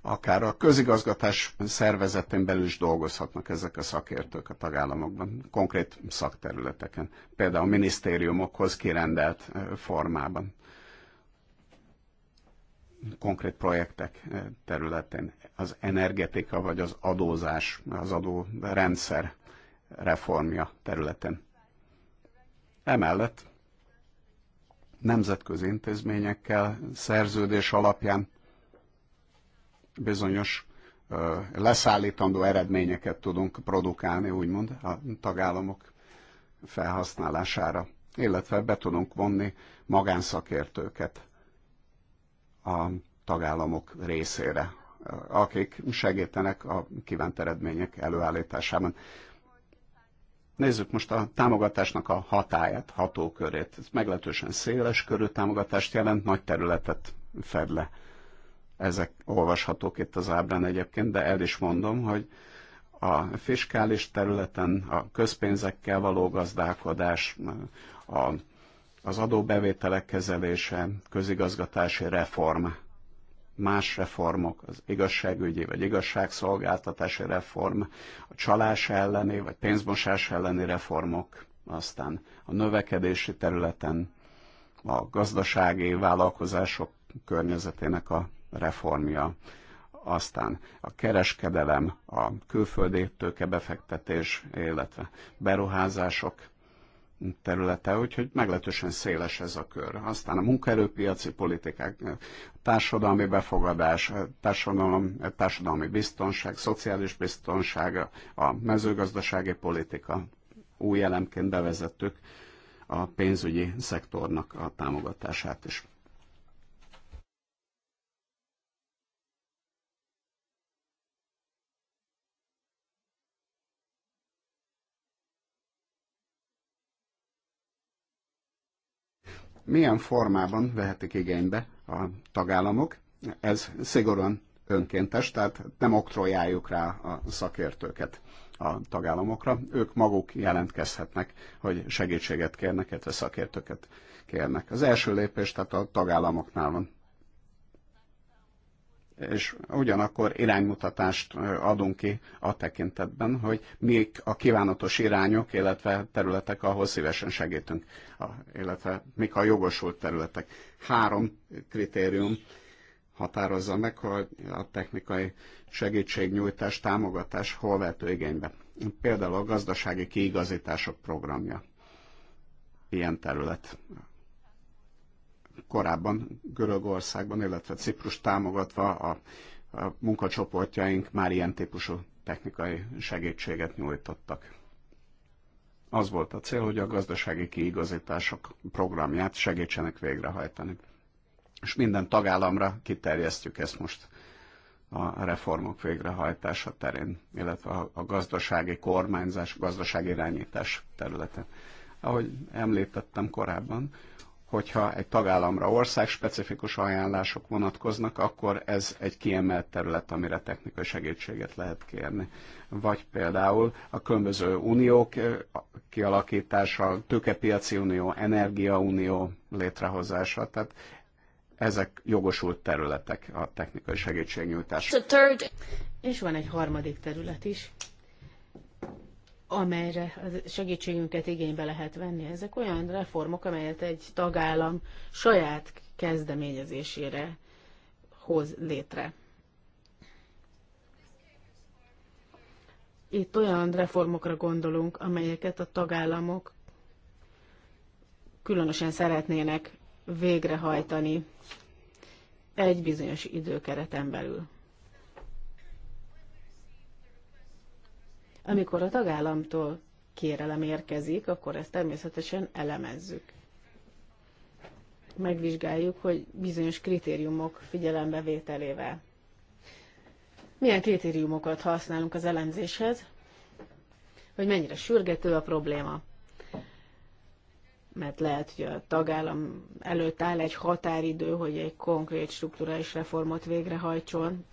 Akár a közigazgatás szervezetén belül is dolgozhatnak ezek a szakértők a tagállamokban, konkrét szakterületeken, például a minisztériumokhoz kirendelt eh, formában konkrét projektek eh, területén az energetika vagy az adózás, az adórendszer reformja területen. Emellett nemzetközi intézményekkel szerződés alapján bizonyos eh, leszállítandó eredményeket tudunk produkálni, úgymond, a tagállamok felhasználására, illetve be tudunk vonni magánszakértőket a tagállamok részére, akik segítenek a kívánt eredmények előállításában. Nézzük most a támogatásnak a hatáját, hatókörét. Ez meglehetősen széles körű támogatást jelent, nagy területet fed le. Ezek olvashatók itt az ábrán egyébként, de el is mondom, hogy a fiskális területen a közpénzekkel való gazdálkodás, a az adóbevételek kezelése, közigazgatási reform, más reformok, az igazságügyi vagy igazságszolgáltatási reform, a csalás elleni vagy pénzmosás elleni reformok, aztán a növekedési területen a gazdasági vállalkozások környezetének a reformja, aztán a kereskedelem, a külföldi tőkebefektetés, illetve beruházások területe, úgyhogy meglehetősen széles ez a kör. Aztán a munkaerőpiaci politikák, társadalmi befogadás, társadalom, társadalmi biztonság, szociális biztonság, a mezőgazdasági politika, új elemként bevezettük a pénzügyi szektornak a támogatását is. milyen formában vehetik igénybe a tagállamok. Ez szigorúan önkéntes, tehát nem oktrojáljuk rá a szakértőket a tagállamokra. Ők maguk jelentkezhetnek, hogy segítséget kérnek, illetve szakértőket kérnek. Az első lépés tehát a tagállamoknál van és ugyanakkor iránymutatást adunk ki a tekintetben, hogy mik a kívánatos irányok, illetve területek, ahol szívesen segítünk, illetve mik a jogosult területek. Három kritérium határozza meg, hogy a technikai segítségnyújtás, támogatás hol vehető igénybe. Például a gazdasági kiigazítások programja ilyen terület korábban Görögországban, illetve Ciprus támogatva a, a munkacsoportjaink már ilyen típusú technikai segítséget nyújtottak. Az volt a cél, hogy a gazdasági kiigazítások programját segítsenek végrehajtani. És minden tagállamra kiterjesztjük ezt most a reformok végrehajtása terén, illetve a gazdasági kormányzás, gazdasági irányítás területen. Ahogy említettem korábban, hogyha egy tagállamra országspecifikus ajánlások vonatkoznak, akkor ez egy kiemelt terület, amire technikai segítséget lehet kérni. Vagy például a különböző uniók eh, kialakítása, tőkepiaci unió, energiaunió létrehozása, tehát ezek jogosult területek a technikai segítségnyújtás. És van egy harmadik terület is, amelyre segítségünket igénybe lehet venni. Ezek olyan reformok, amelyet egy tagállam saját kezdeményezésére hoz létre. Itt olyan reformokra gondolunk, amelyeket a tagállamok különösen szeretnének végrehajtani egy bizonyos időkereten belül. Amikor a tagállamtól kérelem érkezik, akkor ezt természetesen elemezzük. Megvizsgáljuk, hogy bizonyos kritériumok figyelembevételével. Milyen kritériumokat használunk az elemzéshez, hogy mennyire sürgető a probléma. Mert lehet, hogy a tagállam előtt áll egy határidő, hogy egy konkrét struktúrális reformot végrehajtson.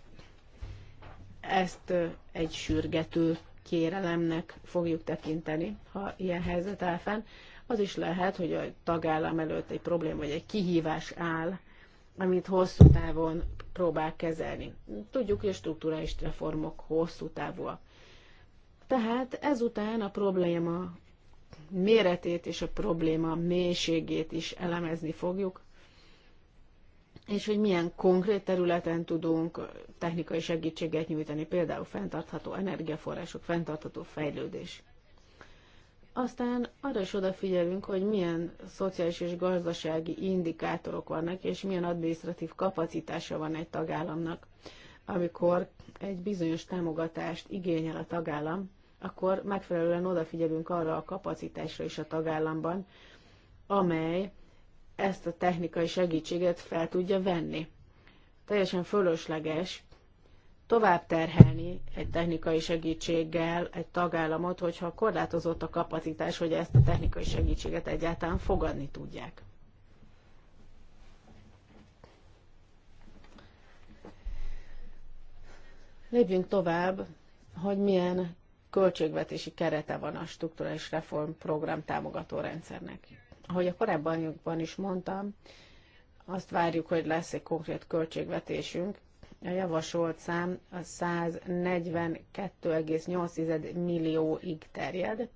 Ezt egy sürgető kérelemnek fogjuk tekinteni, ha ilyen helyzet áll fenn. Az is lehet, hogy a tagállam előtt egy probléma vagy egy kihívás áll, amit hosszú távon próbál kezelni. Tudjuk, hogy a struktúrális reformok hosszú távúak. Tehát ezután a probléma méretét és a probléma mélységét is elemezni fogjuk, és hogy milyen konkrét területen tudunk technikai segítséget nyújtani, például fenntartható energiaforrások, fenntartható fejlődés. Aztán arra is odafigyelünk, hogy milyen szociális és gazdasági indikátorok vannak, és milyen adminisztratív kapacitása van egy tagállamnak. Amikor egy bizonyos támogatást igényel a tagállam, akkor megfelelően odafigyelünk arra a kapacitásra is a tagállamban, amely ezt a technikai segítséget fel tudja venni. Teljesen fölösleges tovább terhelni egy technikai segítséggel egy tagállamot, hogyha korlátozott a kapacitás, hogy ezt a technikai segítséget egyáltalán fogadni tudják. Lépjünk tovább, hogy milyen költségvetési kerete van a strukturális program támogató rendszernek. Ahogy a korábban is mondtam, azt várjuk, hogy lesz egy konkrét költségvetésünk. A javasolt szám a 142,8 millióig terjed.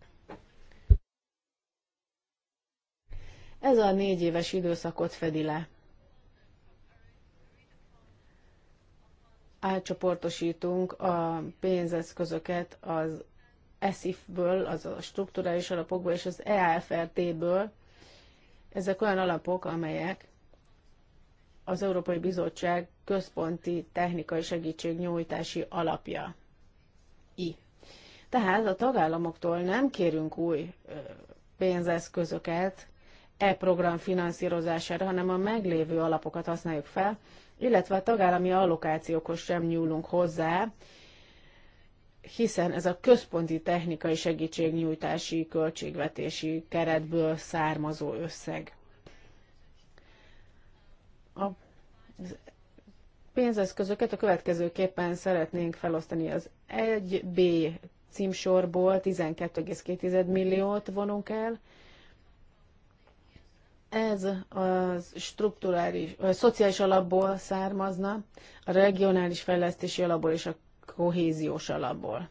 Ez a négy éves időszakot fedi le. Átcsoportosítunk a pénzeszközöket az ESIF-ből, az a strukturális alapokból és az EAFRT-ből, ezek olyan alapok, amelyek az Európai Bizottság központi technikai segítségnyújtási alapja. I. Tehát a tagállamoktól nem kérünk új pénzeszközöket e program finanszírozására, hanem a meglévő alapokat használjuk fel, illetve a tagállami allokációkhoz sem nyúlunk hozzá, hiszen ez a központi technikai segítségnyújtási költségvetési keretből származó összeg. A pénzeszközöket a következőképpen szeretnénk felosztani az 1B címsorból 12,2 milliót vonunk el. Ez a strukturális, a szociális alapból származna, a regionális fejlesztési alapból és a kohéziós alapból.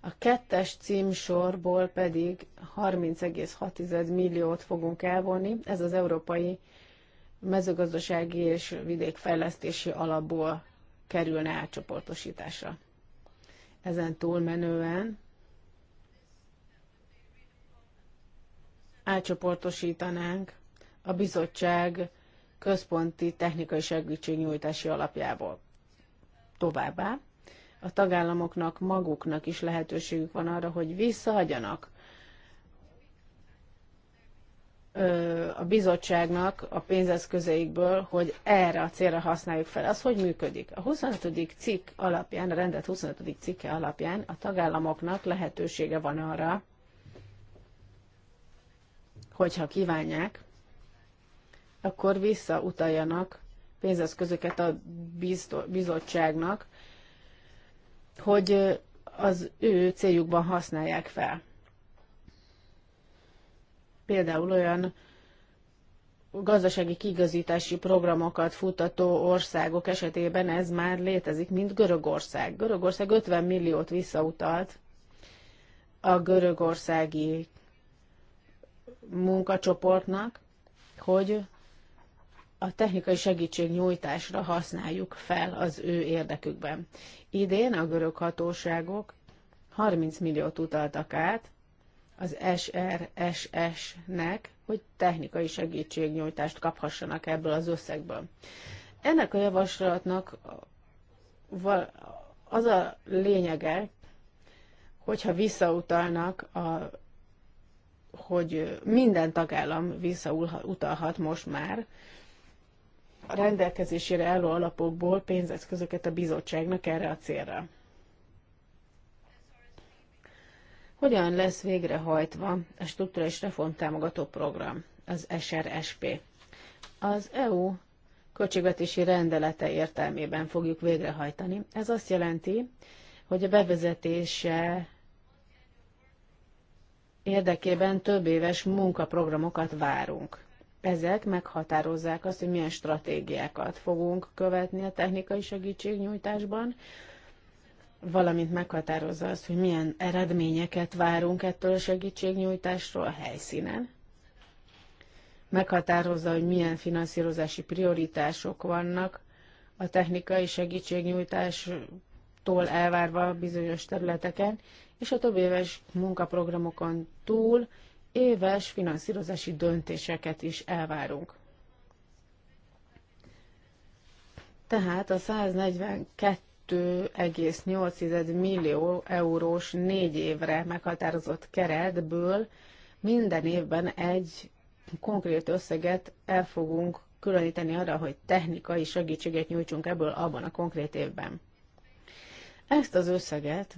A kettes címsorból pedig 30,6 milliót fogunk elvonni, ez az Európai Mezőgazdasági és Vidékfejlesztési Alapból kerülne átcsoportosításra. Ezen túlmenően átcsoportosítanánk a bizottság központi technikai segítségnyújtási alapjából. Továbbá a tagállamoknak maguknak is lehetőségük van arra, hogy visszaadjanak a bizottságnak a pénzeszközeikből, hogy erre a célra használjuk fel. Az hogy működik? A 25. cikk alapján, a rendet 25. cikke alapján a tagállamoknak lehetősége van arra, hogyha kívánják, akkor visszautaljanak pénzeszközöket a bizottságnak, hogy az ő céljukban használják fel. Például olyan gazdasági kigazítási programokat futató országok esetében ez már létezik, mint Görögország. Görögország 50 milliót visszautalt a görögországi munkacsoportnak, hogy a technikai segítségnyújtásra használjuk fel az ő érdekükben. Idén a görög hatóságok 30 milliót utaltak át az SRSS-nek, hogy technikai segítségnyújtást kaphassanak ebből az összegből. Ennek a javaslatnak az a lényege, hogyha visszautalnak, a, hogy minden tagállam visszautalhat most már a rendelkezésére álló alapokból pénzeszközöket a bizottságnak erre a célra. Hogyan lesz végrehajtva a struktúrális támogató program, az SRSP? Az EU költségvetési rendelete értelmében fogjuk végrehajtani. Ez azt jelenti, hogy a bevezetése érdekében több éves munkaprogramokat várunk ezek meghatározzák azt, hogy milyen stratégiákat fogunk követni a technikai segítségnyújtásban, valamint meghatározza azt, hogy milyen eredményeket várunk ettől a segítségnyújtásról a helyszínen. Meghatározza, hogy milyen finanszírozási prioritások vannak a technikai segítségnyújtástól elvárva bizonyos területeken, és a több éves munkaprogramokon túl éves finanszírozási döntéseket is elvárunk. Tehát a 142,8 millió eurós négy évre meghatározott keretből minden évben egy konkrét összeget el fogunk különíteni arra, hogy technikai segítséget nyújtsunk ebből abban a konkrét évben. Ezt az összeget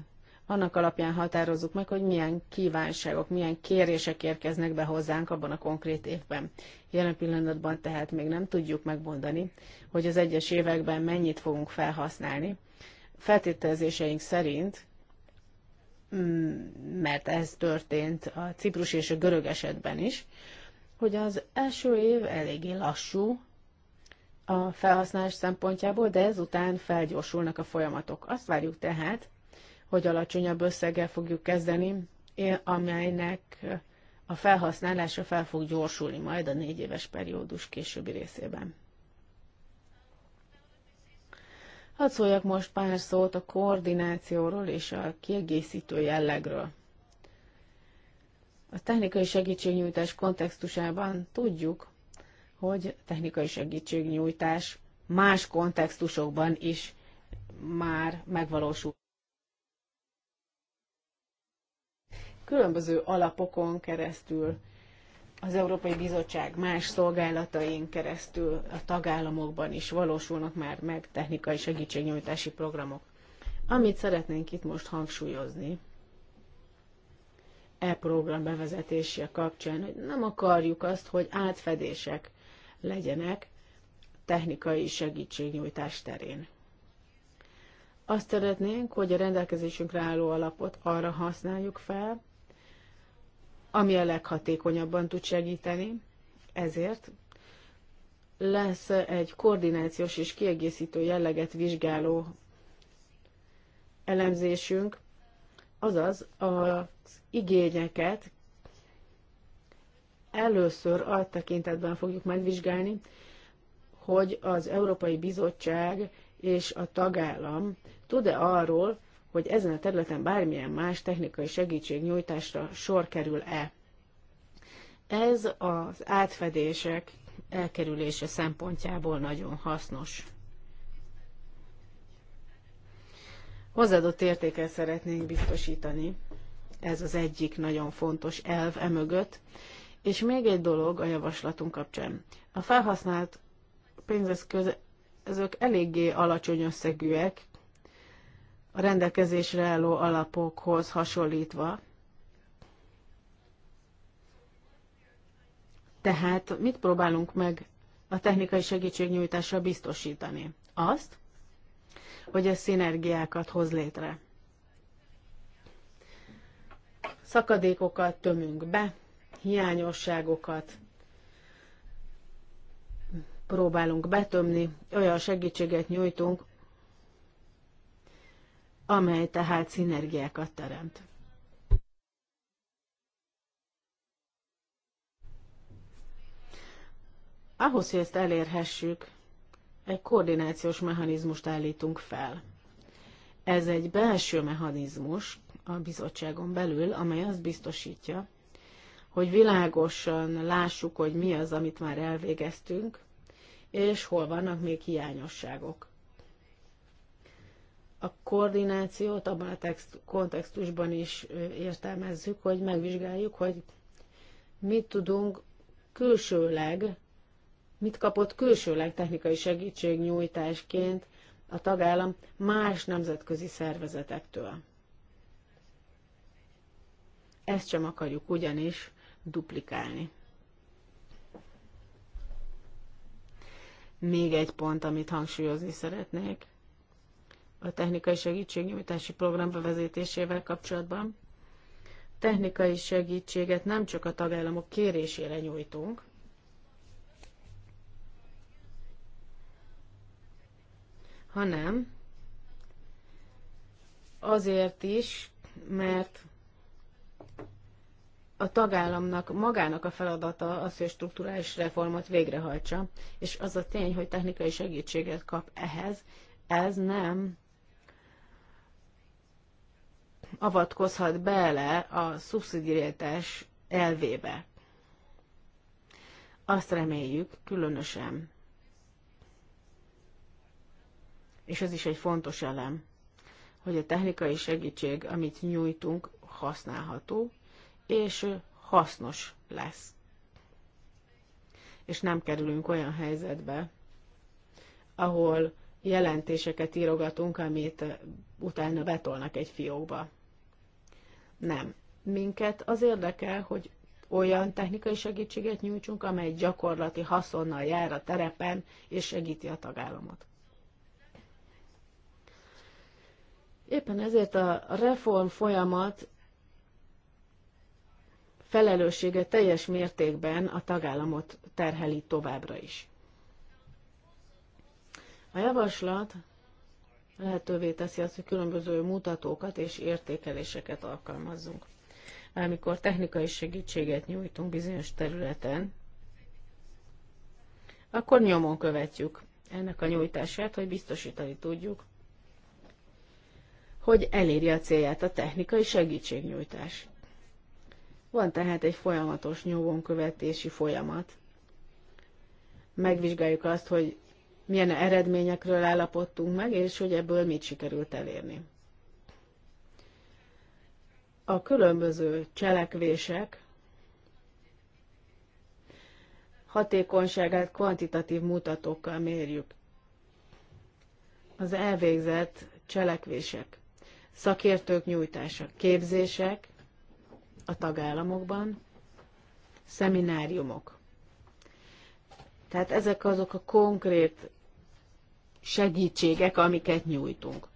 annak alapján határozzuk meg, hogy milyen kívánságok, milyen kérések érkeznek be hozzánk abban a konkrét évben. Jelen pillanatban tehát még nem tudjuk megmondani, hogy az egyes években mennyit fogunk felhasználni. Feltételezéseink szerint, mm, mert ez történt a ciprus és a görög esetben is, hogy az első év eléggé lassú, a felhasználás szempontjából, de ezután felgyorsulnak a folyamatok. Azt várjuk tehát, hogy alacsonyabb összeggel fogjuk kezdeni, amelynek a felhasználása fel fog gyorsulni majd a négy éves periódus későbbi részében. Hadd szóljak most pár szót a koordinációról és a kiegészítő jellegről. A technikai segítségnyújtás kontextusában tudjuk, hogy technikai segítségnyújtás más kontextusokban is már megvalósul. különböző alapokon keresztül, az Európai Bizottság más szolgálatain keresztül a tagállamokban is valósulnak már meg technikai segítségnyújtási programok. Amit szeretnénk itt most hangsúlyozni, e program bevezetése kapcsán, hogy nem akarjuk azt, hogy átfedések legyenek technikai segítségnyújtás terén. Azt szeretnénk, hogy a rendelkezésünkre álló alapot arra használjuk fel, ami a leghatékonyabban tud segíteni. Ezért lesz egy koordinációs és kiegészítő jelleget vizsgáló elemzésünk, azaz az igényeket először a tekintetben fogjuk megvizsgálni, hogy az Európai Bizottság és a tagállam tud-e arról, hogy ezen a területen bármilyen más technikai segítségnyújtásra sor kerül-e. Ez az átfedések elkerülése szempontjából nagyon hasznos. Hozzáadott értéket szeretnénk biztosítani. Ez az egyik nagyon fontos elv emögött. És még egy dolog a javaslatunk kapcsán. A felhasznált pénzeszközök eléggé alacsony összegűek, a rendelkezésre álló alapokhoz hasonlítva. Tehát mit próbálunk meg a technikai segítségnyújtásra biztosítani? Azt, hogy a szinergiákat hoz létre. Szakadékokat tömünk be, hiányosságokat próbálunk betömni, olyan segítséget nyújtunk, amely tehát szinergiákat teremt. Ahhoz, hogy ezt elérhessük, egy koordinációs mechanizmust állítunk fel. Ez egy belső mechanizmus a bizottságon belül, amely azt biztosítja, hogy világosan lássuk, hogy mi az, amit már elvégeztünk, és hol vannak még hiányosságok a koordinációt abban a text, kontextusban is értelmezzük, hogy megvizsgáljuk, hogy mit tudunk külsőleg, mit kapott külsőleg technikai segítségnyújtásként a tagállam más nemzetközi szervezetektől. Ezt sem akarjuk ugyanis duplikálni. Még egy pont, amit hangsúlyozni szeretnék – a technikai segítségnyújtási program bevezetésével kapcsolatban. Technikai segítséget nem csak a tagállamok kérésére nyújtunk, hanem azért is, mert a tagállamnak magának a feladata az, hogy struktúrális reformot végrehajtsa, és az a tény, hogy technikai segítséget kap ehhez, ez nem avatkozhat bele a szubszidiaritás elvébe. Azt reméljük, különösen. És ez is egy fontos elem, hogy a technikai segítség, amit nyújtunk, használható és hasznos lesz. És nem kerülünk olyan helyzetbe, ahol jelentéseket írogatunk, amit utána betolnak egy fiókba. Nem. Minket az érdekel, hogy olyan technikai segítséget nyújtsunk, amely gyakorlati haszonnal jár a terepen, és segíti a tagállamot. Éppen ezért a reform folyamat felelőssége teljes mértékben a tagállamot terheli továbbra is. A javaslat lehetővé teszi azt, hogy különböző mutatókat és értékeléseket alkalmazzunk. Amikor technikai segítséget nyújtunk bizonyos területen, akkor nyomon követjük ennek a nyújtását, hogy biztosítani tudjuk, hogy eléri a célját a technikai segítségnyújtás. Van tehát egy folyamatos nyomon követési folyamat. Megvizsgáljuk azt, hogy milyen eredményekről állapodtunk meg, és hogy ebből mit sikerült elérni. A különböző cselekvések hatékonyságát kvantitatív mutatókkal mérjük. Az elvégzett cselekvések, szakértők nyújtása, képzések a tagállamokban, szemináriumok. Tehát ezek azok a konkrét segítségek, amiket nyújtunk.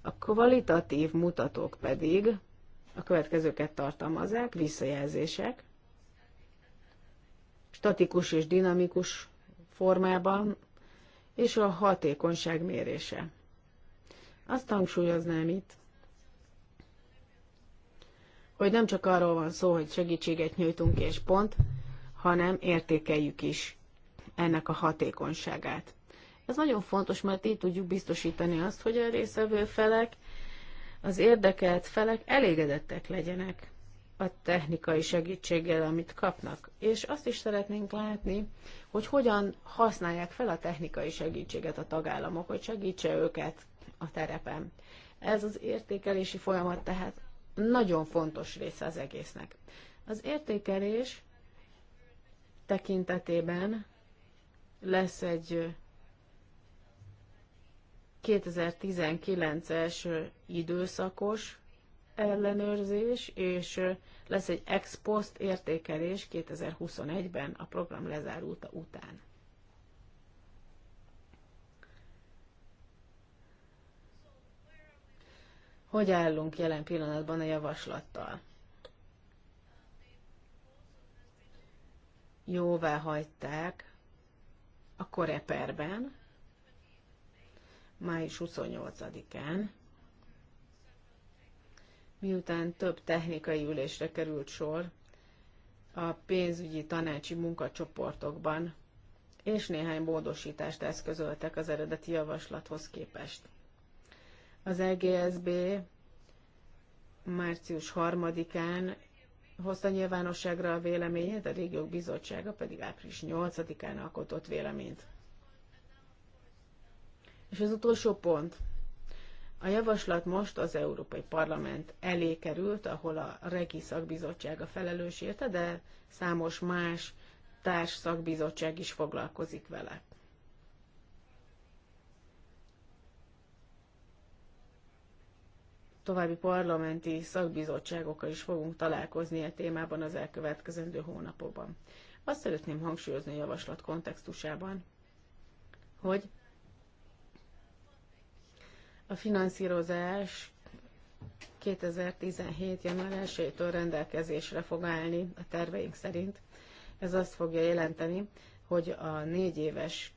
A kvalitatív mutatók pedig a következőket tartalmazzák, visszajelzések, statikus és dinamikus formában, és a hatékonyság mérése. Azt hangsúlyoznám itt, hogy nem csak arról van szó, hogy segítséget nyújtunk és pont, hanem értékeljük is ennek a hatékonyságát. Ez nagyon fontos, mert így tudjuk biztosítani azt, hogy a részevő felek, az érdekelt felek elégedettek legyenek a technikai segítséggel, amit kapnak. És azt is szeretnénk látni, hogy hogyan használják fel a technikai segítséget a tagállamok, hogy segítse őket a terepen. Ez az értékelési folyamat tehát nagyon fontos része az egésznek. Az értékelés tekintetében lesz egy 2019 első időszakos ellenőrzés, és lesz egy ex post értékelés 2021-ben a program lezárulta után. Hogy állunk jelen pillanatban a javaslattal? Jóvá hagyták a koreperben, május 28-án, miután több technikai ülésre került sor a pénzügyi tanácsi munkacsoportokban, és néhány módosítást eszközöltek az eredeti javaslathoz képest. Az EGSB március 3-án hozta nyilvánosságra a véleményét, a régiók bizottsága pedig április 8-án alkotott véleményt. És az utolsó pont. A javaslat most az Európai Parlament elé került, ahol a Regi szakbizottság a felelős érte, de számos más társ szakbizottság is foglalkozik vele. További parlamenti szakbizottságokkal is fogunk találkozni a e témában az elkövetkezendő hónapokban. Azt szeretném hangsúlyozni a javaslat kontextusában, hogy a finanszírozás 2017. január 1-től rendelkezésre fog állni a terveink szerint. Ez azt fogja jelenteni, hogy a négy éves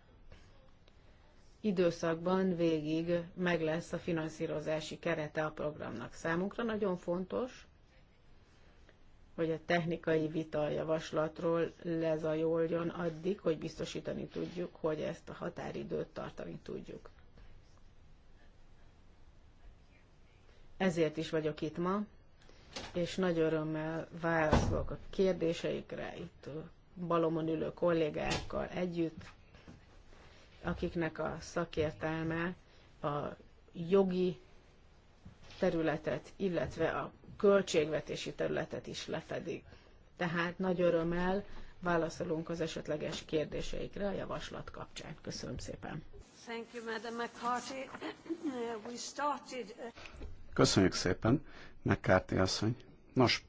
időszakban végig meg lesz a finanszírozási kerete a programnak. Számunkra nagyon fontos, hogy a technikai vita javaslatról lezajoljon addig, hogy biztosítani tudjuk, hogy ezt a határidőt tartani tudjuk. Ezért is vagyok itt ma, és nagy örömmel válaszolok a kérdéseikre itt balomon ülő kollégákkal együtt, akiknek a szakértelme a jogi területet, illetve a költségvetési területet is lefedik. Tehát nagy örömmel válaszolunk az esetleges kérdéseikre a javaslat kapcsán. Köszönöm szépen. Thank you, Madam McCarthy. *coughs* We started... Uh, Köszönjük szépen, megkárti asszony. Nos,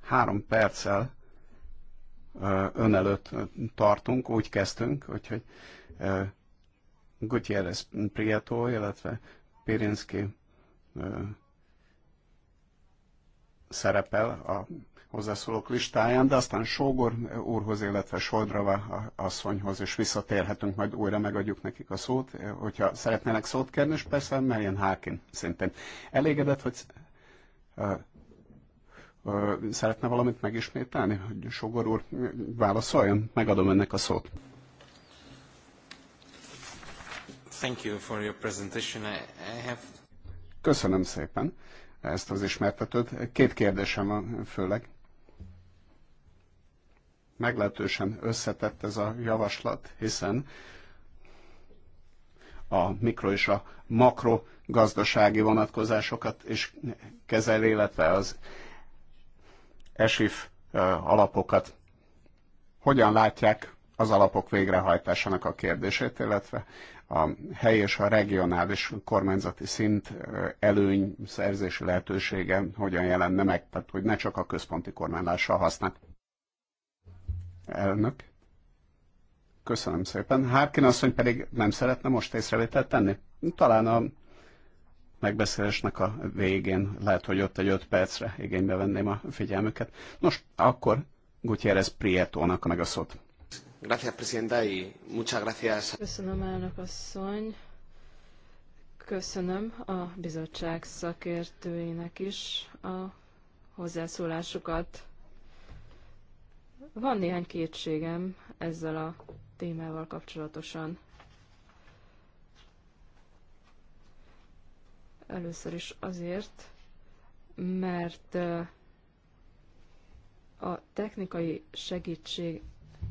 három perccel ön előtt tartunk, úgy kezdtünk, úgyhogy Gutierrez Prieto, illetve Pirinski szerepel a hozzászólók listáján, de aztán Sógor úrhoz, illetve Soldrava asszonyhoz is visszatérhetünk, majd újra megadjuk nekik a szót, hogyha szeretnének szót kérni, és persze Marian Hákin szintén. Elégedett, hogy szeretne valamit megismételni, hogy Sógor úr válaszoljon? Megadom önnek a szót. Thank you for your presentation. I have... Köszönöm szépen ezt az ismertetőt. Két kérdésem van főleg meglehetősen összetett ez a javaslat, hiszen a mikro és a makro gazdasági vonatkozásokat is kezel, illetve az ESIF alapokat. Hogyan látják az alapok végrehajtásának a kérdését, illetve a hely és a regionális kormányzati szint előny szerzési lehetősége hogyan jelenne meg, tehát hogy ne csak a központi kormányzással használják. Elnök. Köszönöm szépen. Hárkin asszony pedig nem szeretne most észrevételt tenni? Talán a megbeszélésnek a végén lehet, hogy ott egy öt percre igénybe venném a figyelmüket. Nos, akkor Gutierrez Prietónak meg a szót. Gracias, Presidenta, y muchas gracias. Köszönöm, elnök asszony. Köszönöm a bizottság szakértőinek is a hozzászólásukat. Van néhány kétségem ezzel a témával kapcsolatosan. Először is azért, mert a technikai segítség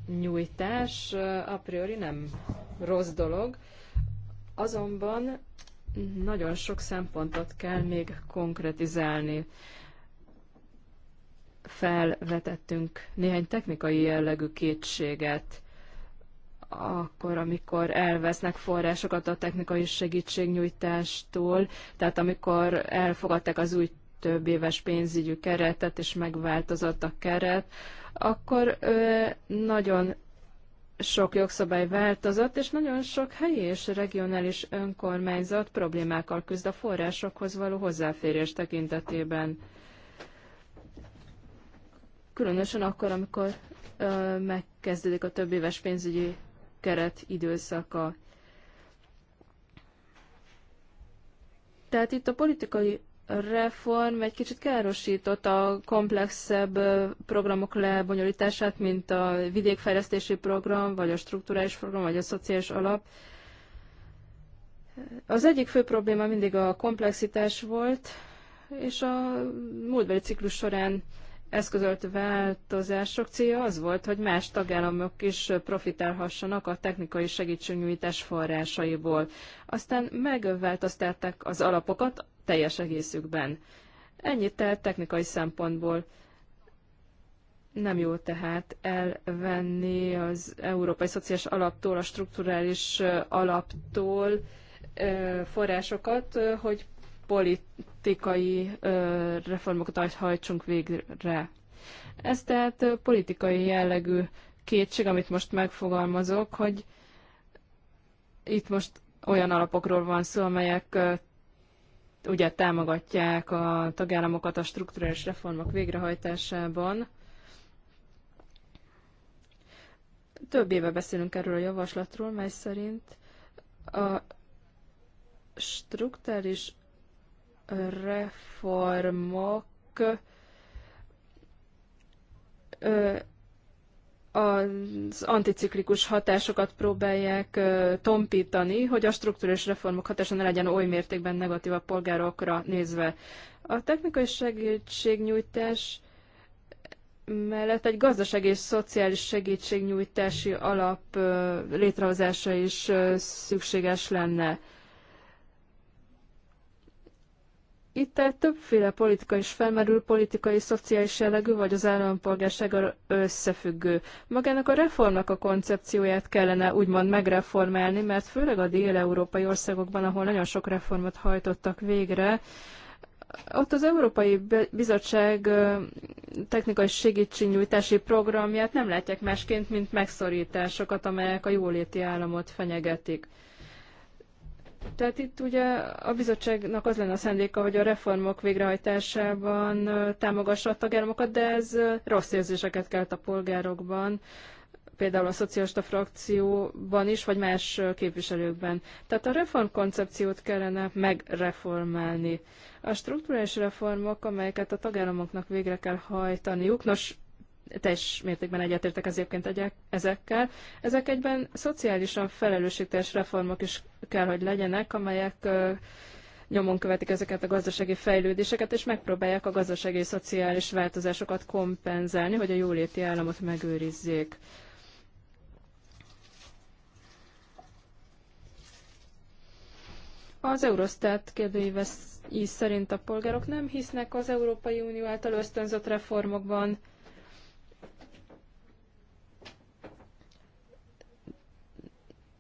nyújtás a priori nem rossz dolog, azonban nagyon sok szempontot kell még konkretizálni felvetettünk néhány technikai jellegű kétséget, akkor, amikor elvesznek forrásokat a technikai segítségnyújtástól, tehát amikor elfogadták az új több éves pénzügyi keretet, és megváltozott a keret, akkor ö, nagyon sok jogszabály változott, és nagyon sok helyi és regionális önkormányzat problémákkal küzd a forrásokhoz való hozzáférés tekintetében különösen akkor, amikor ö, megkezdődik a több éves pénzügyi keret időszaka. Tehát itt a politikai reform egy kicsit károsított a komplexebb programok lebonyolítását, mint a vidékfejlesztési program, vagy a strukturális program, vagy a szociális alap. Az egyik fő probléma mindig a komplexitás volt, és a múltbeli ciklus során eszközölt változások célja az volt, hogy más tagállamok is profitálhassanak a technikai segítségnyújtás forrásaiból. Aztán megváltoztatták az alapokat teljes egészükben. Ennyit tehát technikai szempontból. Nem jó tehát elvenni az Európai Szociális Alaptól, a strukturális alaptól forrásokat, hogy politikai reformokat hajtsunk végre. Ez tehát politikai jellegű kétség, amit most megfogalmazok, hogy itt most olyan alapokról van szó, amelyek ugye támogatják a tagállamokat a strukturális reformok végrehajtásában. Több éve beszélünk erről a javaslatról, mely szerint a strukturális reformok az anticiklikus hatásokat próbálják tompítani, hogy a struktúrás reformok hatása ne legyen oly mértékben negatív a polgárokra nézve. A technikai segítségnyújtás mellett egy gazdasági és szociális segítségnyújtási alap létrehozása is szükséges lenne. Itt tehát többféle politika is felmerül, politikai, szociális jellegű, vagy az állampolgársággal összefüggő. Magának a reformnak a koncepcióját kellene úgymond megreformálni, mert főleg a dél-európai országokban, ahol nagyon sok reformot hajtottak végre, ott az Európai Bizottság technikai segítségnyújtási programját nem látják másként, mint megszorításokat, amelyek a jóléti államot fenyegetik. Tehát itt ugye a bizottságnak az lenne a szándéka, hogy a reformok végrehajtásában támogassa a tagállamokat, de ez rossz érzéseket kelt a polgárokban, például a szocialista frakcióban is, vagy más képviselőkben. Tehát a reformkoncepciót kellene megreformálni. A strukturális reformok, amelyeket a tagállamoknak végre kell hajtaniuk, nos, teljes mértékben egyetértek az egyébként ezekkel. Ezek egyben szociálisan felelősségteljes reformok is kell, hogy legyenek, amelyek nyomon követik ezeket a gazdasági fejlődéseket, és megpróbálják a gazdasági és szociális változásokat kompenzálni, hogy a jóléti államot megőrizzék. Az Eurostat is szerint a polgárok nem hisznek az Európai Unió által ösztönzött reformokban,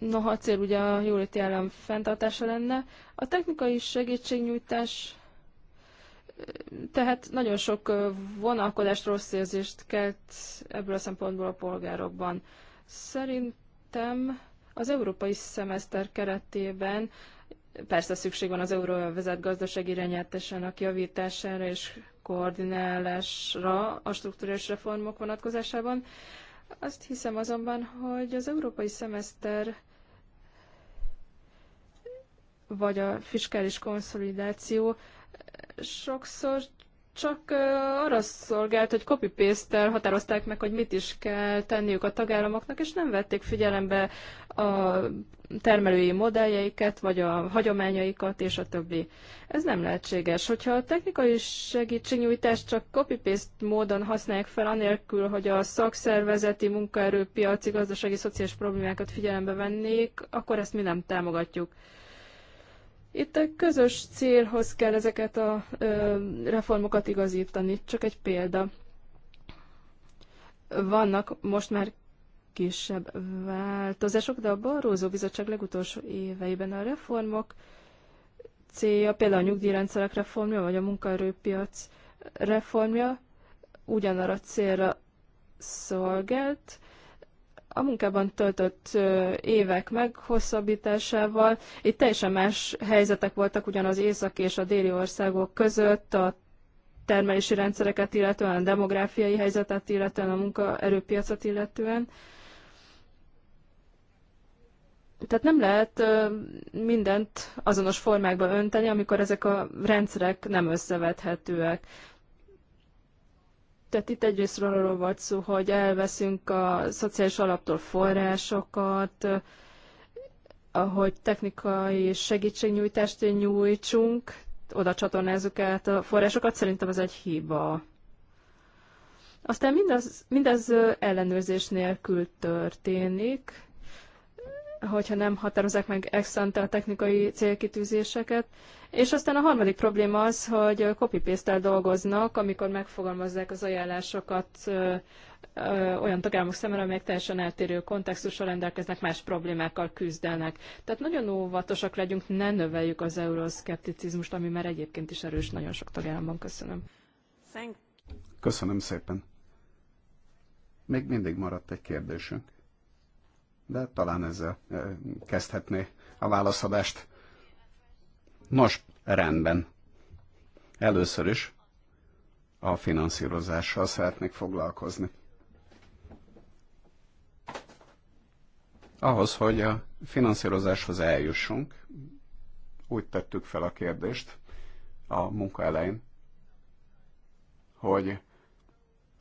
Noha a cél ugye a jóléti állam fenntartása lenne. A technikai segítségnyújtás tehát nagyon sok vonalkodást, rossz érzést kelt ebből a szempontból a polgárokban. Szerintem az európai szemeszter keretében persze szükség van az euróvezet gazdaság irányátásának javítására és koordinálásra a struktúrás reformok vonatkozásában. Azt hiszem azonban, hogy az európai szemeszter vagy a fiskális konszolidáció sokszor csak arra szolgált, hogy copy paste határozták meg, hogy mit is kell tenniük a tagállamoknak, és nem vették figyelembe a termelői modelljeiket, vagy a hagyományaikat, és a többi. Ez nem lehetséges. Hogyha a technikai segítségnyújtást csak copy-paste módon használják fel, anélkül, hogy a szakszervezeti, munkaerőpiaci, gazdasági, szociális problémákat figyelembe vennék, akkor ezt mi nem támogatjuk. Itt egy közös célhoz kell ezeket a ö, reformokat igazítani. Csak egy példa. Vannak most már kisebb változások, de a Barrózó Bizottság legutolsó éveiben a reformok célja, például a nyugdíjrendszerek reformja, vagy a munkaerőpiac reformja ugyanarra célra szolgált, a munkában töltött évek meghosszabbításával. Itt teljesen más helyzetek voltak ugyanaz észak és a déli országok között, a termelési rendszereket illetően, a demográfiai helyzetet illetően, a munkaerőpiacot illetően. Tehát nem lehet mindent azonos formákba önteni, amikor ezek a rendszerek nem összevethetőek. Tehát itt egyrészt arról volt szó, hogy elveszünk a szociális alaptól forrásokat, ahogy technikai segítségnyújtást nyújtsunk, oda csatornázzuk át a forrásokat, szerintem ez egy hiba. Aztán mindez, mindez ellenőrzés nélkül történik, hogyha nem határozzák meg ex a technikai célkitűzéseket. És aztán a harmadik probléma az, hogy copy paste dolgoznak, amikor megfogalmazzák az ajánlásokat olyan tagállamok szemére, amelyek teljesen eltérő kontextussal rendelkeznek, más problémákkal küzdenek. Tehát nagyon óvatosak legyünk, ne növeljük az euroszkepticizmust, ami már egyébként is erős nagyon sok tagállamban. Köszönöm. Köszönöm szépen. Még mindig maradt egy kérdésünk de talán ezzel eh, kezdhetné a válaszadást. Nos, rendben. Először is a finanszírozással szeretnék foglalkozni. Ahhoz, hogy a finanszírozáshoz eljussunk, úgy tettük fel a kérdést a munka elején, hogy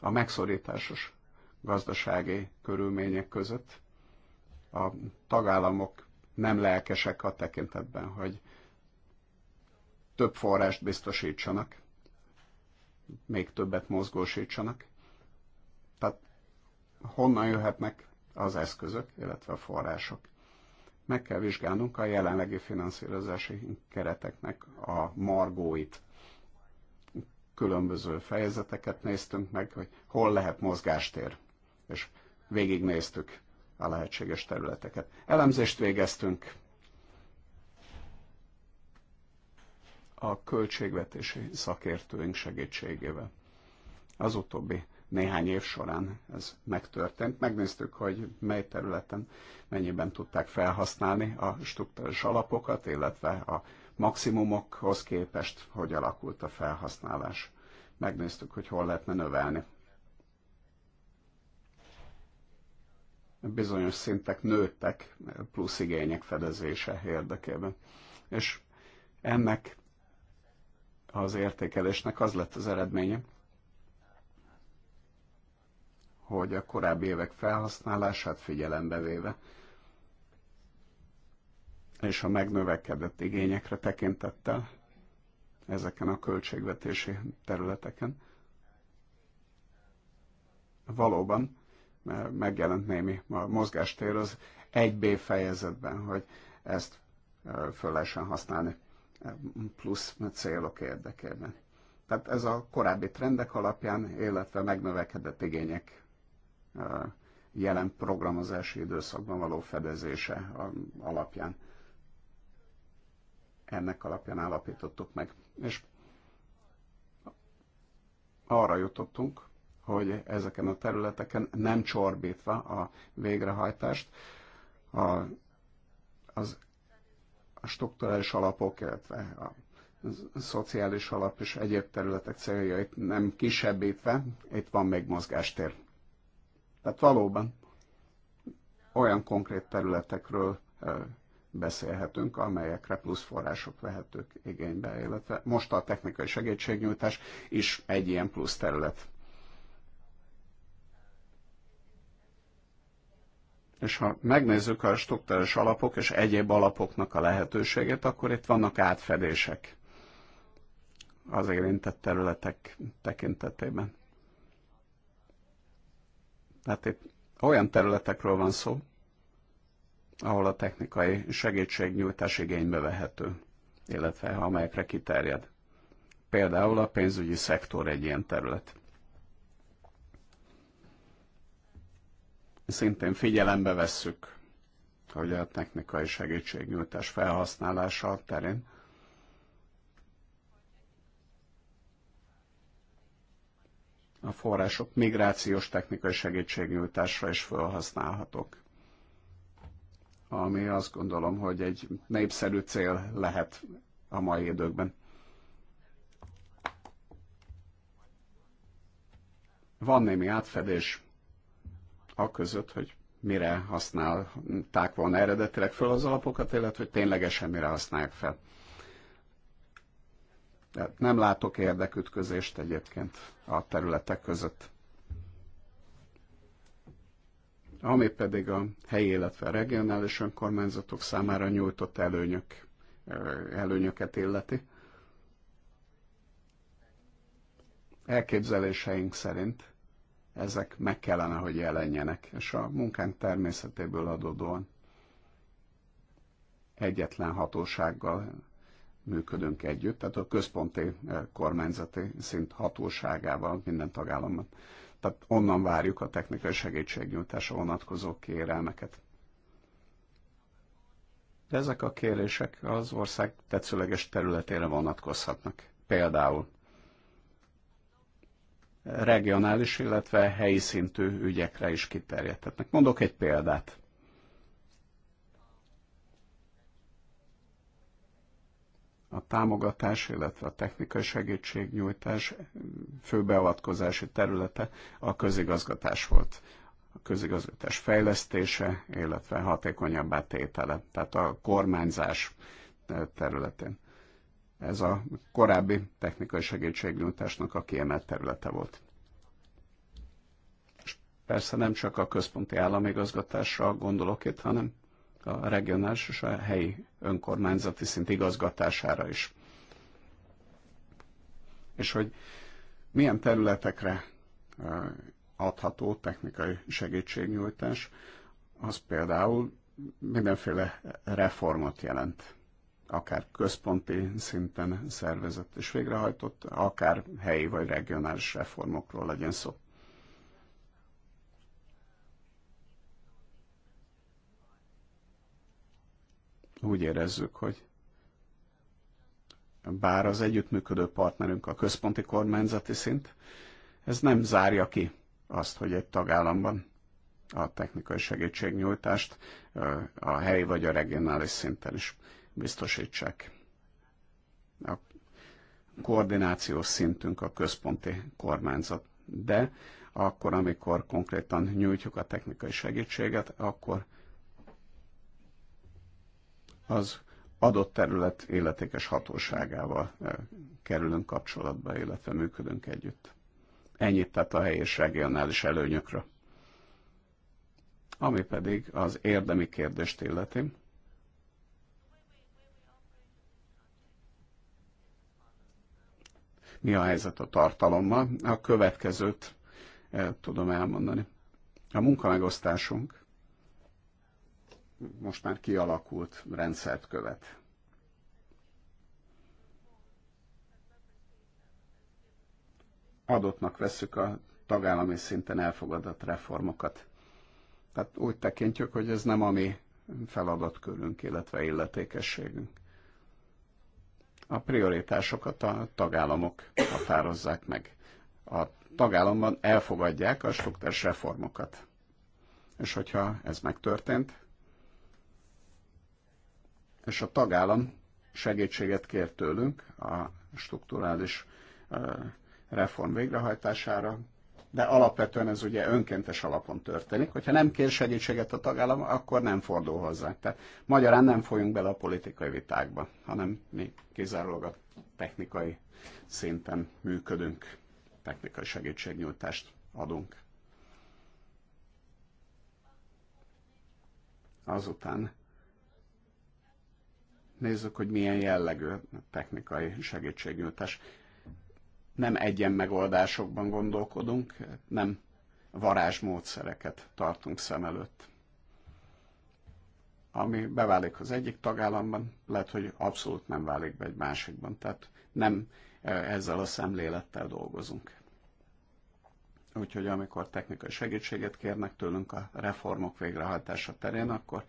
a megszorításos gazdasági körülmények között a tagállamok nem lelkesek a tekintetben, hogy több forrást biztosítsanak, még többet mozgósítsanak. Tehát honnan jöhetnek az eszközök, illetve a források. Meg kell vizsgálnunk a jelenlegi finanszírozási kereteknek a margóit. Különböző fejezeteket néztünk meg, hogy hol lehet mozgástér, és végignéztük a lehetséges területeket. Elemzést végeztünk a költségvetési szakértőink segítségével. Az utóbbi néhány év során ez megtörtént. Megnéztük, hogy mely területen mennyiben tudták felhasználni a struktúrás alapokat, illetve a maximumokhoz képest, hogy alakult a felhasználás. Megnéztük, hogy hol lehetne növelni bizonyos szintek nőttek plusz igények fedezése érdekében. És ennek az értékelésnek az lett az eredménye, hogy a korábbi évek felhasználását figyelembe véve, és a megnövekedett igényekre tekintettel ezeken a költségvetési területeken, valóban megjelent némi mozgástér az 1B fejezetben, hogy ezt föl lehessen használni plusz célok érdekében. Tehát ez a korábbi trendek alapján, illetve megnövekedett igények jelen programozási időszakban való fedezése alapján. Ennek alapján állapítottuk meg. És arra jutottunk, hogy ezeken a területeken nem csorbítva a végrehajtást a, az a strukturális alapok, illetve a szociális alap és egyéb területek céljait nem kisebbítve, itt van még mozgástér. Tehát valóban olyan konkrét területekről beszélhetünk, amelyekre plusz források vehetők igénybe, illetve most a technikai segítségnyújtás is egy ilyen plusz terület. És ha megnézzük a struktúrás alapok és egyéb alapoknak a lehetőségét, akkor itt vannak átfedések az érintett területek tekintetében. Tehát itt olyan területekről van szó, ahol a technikai segítségnyújtás igénybe vehető, illetve amelyekre kiterjed. Például a pénzügyi szektor egy ilyen terület. szintén figyelembe vesszük, hogy a technikai segítségnyújtás felhasználása terén a források migrációs technikai segítségnyújtásra is felhasználhatók. Ami azt gondolom, hogy egy népszerű cél lehet a mai időkben. Van némi átfedés a között, hogy mire használták volna eredetileg fel az alapokat, illetve hogy ténylegesen mire használják fel. Tehát nem látok érdekütközést egyébként a területek között. Ami pedig a helyi, illetve a regionális önkormányzatok számára nyújtott előnyök, előnyöket illeti. Elképzeléseink szerint ezek meg kellene, hogy jelenjenek, és a munkánk természetéből adódóan egyetlen hatósággal működünk együtt, tehát a központi eh, kormányzati szint hatóságával minden tagállamban. Tehát onnan várjuk a technikai segítségnyújtásra vonatkozó kérelmeket. De ezek a kérések az ország tetszőleges területére vonatkozhatnak. Például regionális, illetve helyi szintű ügyekre is kiterjedhetnek. Mondok egy példát. A támogatás, illetve a technikai segítségnyújtás főbeavatkozási területe a közigazgatás volt. A közigazgatás fejlesztése, illetve hatékonyabbá tétele, tehát a kormányzás területén ez a korábbi technikai segítségnyújtásnak a kiemelt területe volt. És persze nem csak a központi államigazgatásra gondolok itt, hanem a regionális és a helyi önkormányzati szint igazgatására is. És hogy milyen területekre adható technikai segítségnyújtás, az például mindenféle reformot jelent akár központi szinten szervezett és végrehajtott, akár helyi vagy regionális reformokról legyen szó. Úgy érezzük, hogy bár az együttműködő partnerünk a központi kormányzati szint, ez nem zárja ki azt, hogy egy tagállamban a technikai segítségnyújtást a helyi vagy a regionális szinten is biztosítsák. A koordinációs szintünk a központi kormányzat, de akkor, amikor konkrétan nyújtjuk a technikai segítséget, akkor az adott terület életékes hatóságával eh, kerülünk kapcsolatba, illetve működünk együtt. Ennyit tett a helyi és regionális előnyökről. Ami pedig az érdemi kérdést illeti, mi a helyzet a tartalommal. A következőt eh, tudom elmondani. A munkamegosztásunk most már kialakult rendszert követ. Adottnak veszük a tagállami szinten elfogadott reformokat. Tehát úgy tekintjük, hogy ez nem a mi feladatkörünk, illetve illetékességünk a prioritásokat a tagállamok határozzák meg. A tagállamban elfogadják a struktúrás reformokat. És hogyha ez megtörtént, és a tagállam segítséget kér tőlünk a strukturális reform végrehajtására, de alapvetően ez ugye önkéntes alapon történik. Hogyha nem kér segítséget a tagállam, akkor nem fordul hozzá. Tehát magyarán nem folyunk bele a politikai vitákba, hanem mi kizárólag a technikai szinten működünk, technikai segítségnyújtást adunk. Azután nézzük, hogy milyen jellegű technikai segítségnyújtás nem egyen megoldásokban gondolkodunk, nem varázsmódszereket tartunk szem előtt. Ami beválik az egyik tagállamban, lehet, hogy abszolút nem válik be egy másikban. Tehát nem e, ezzel a szemlélettel dolgozunk. Úgyhogy amikor technikai segítséget kérnek tőlünk a reformok végrehajtása terén, akkor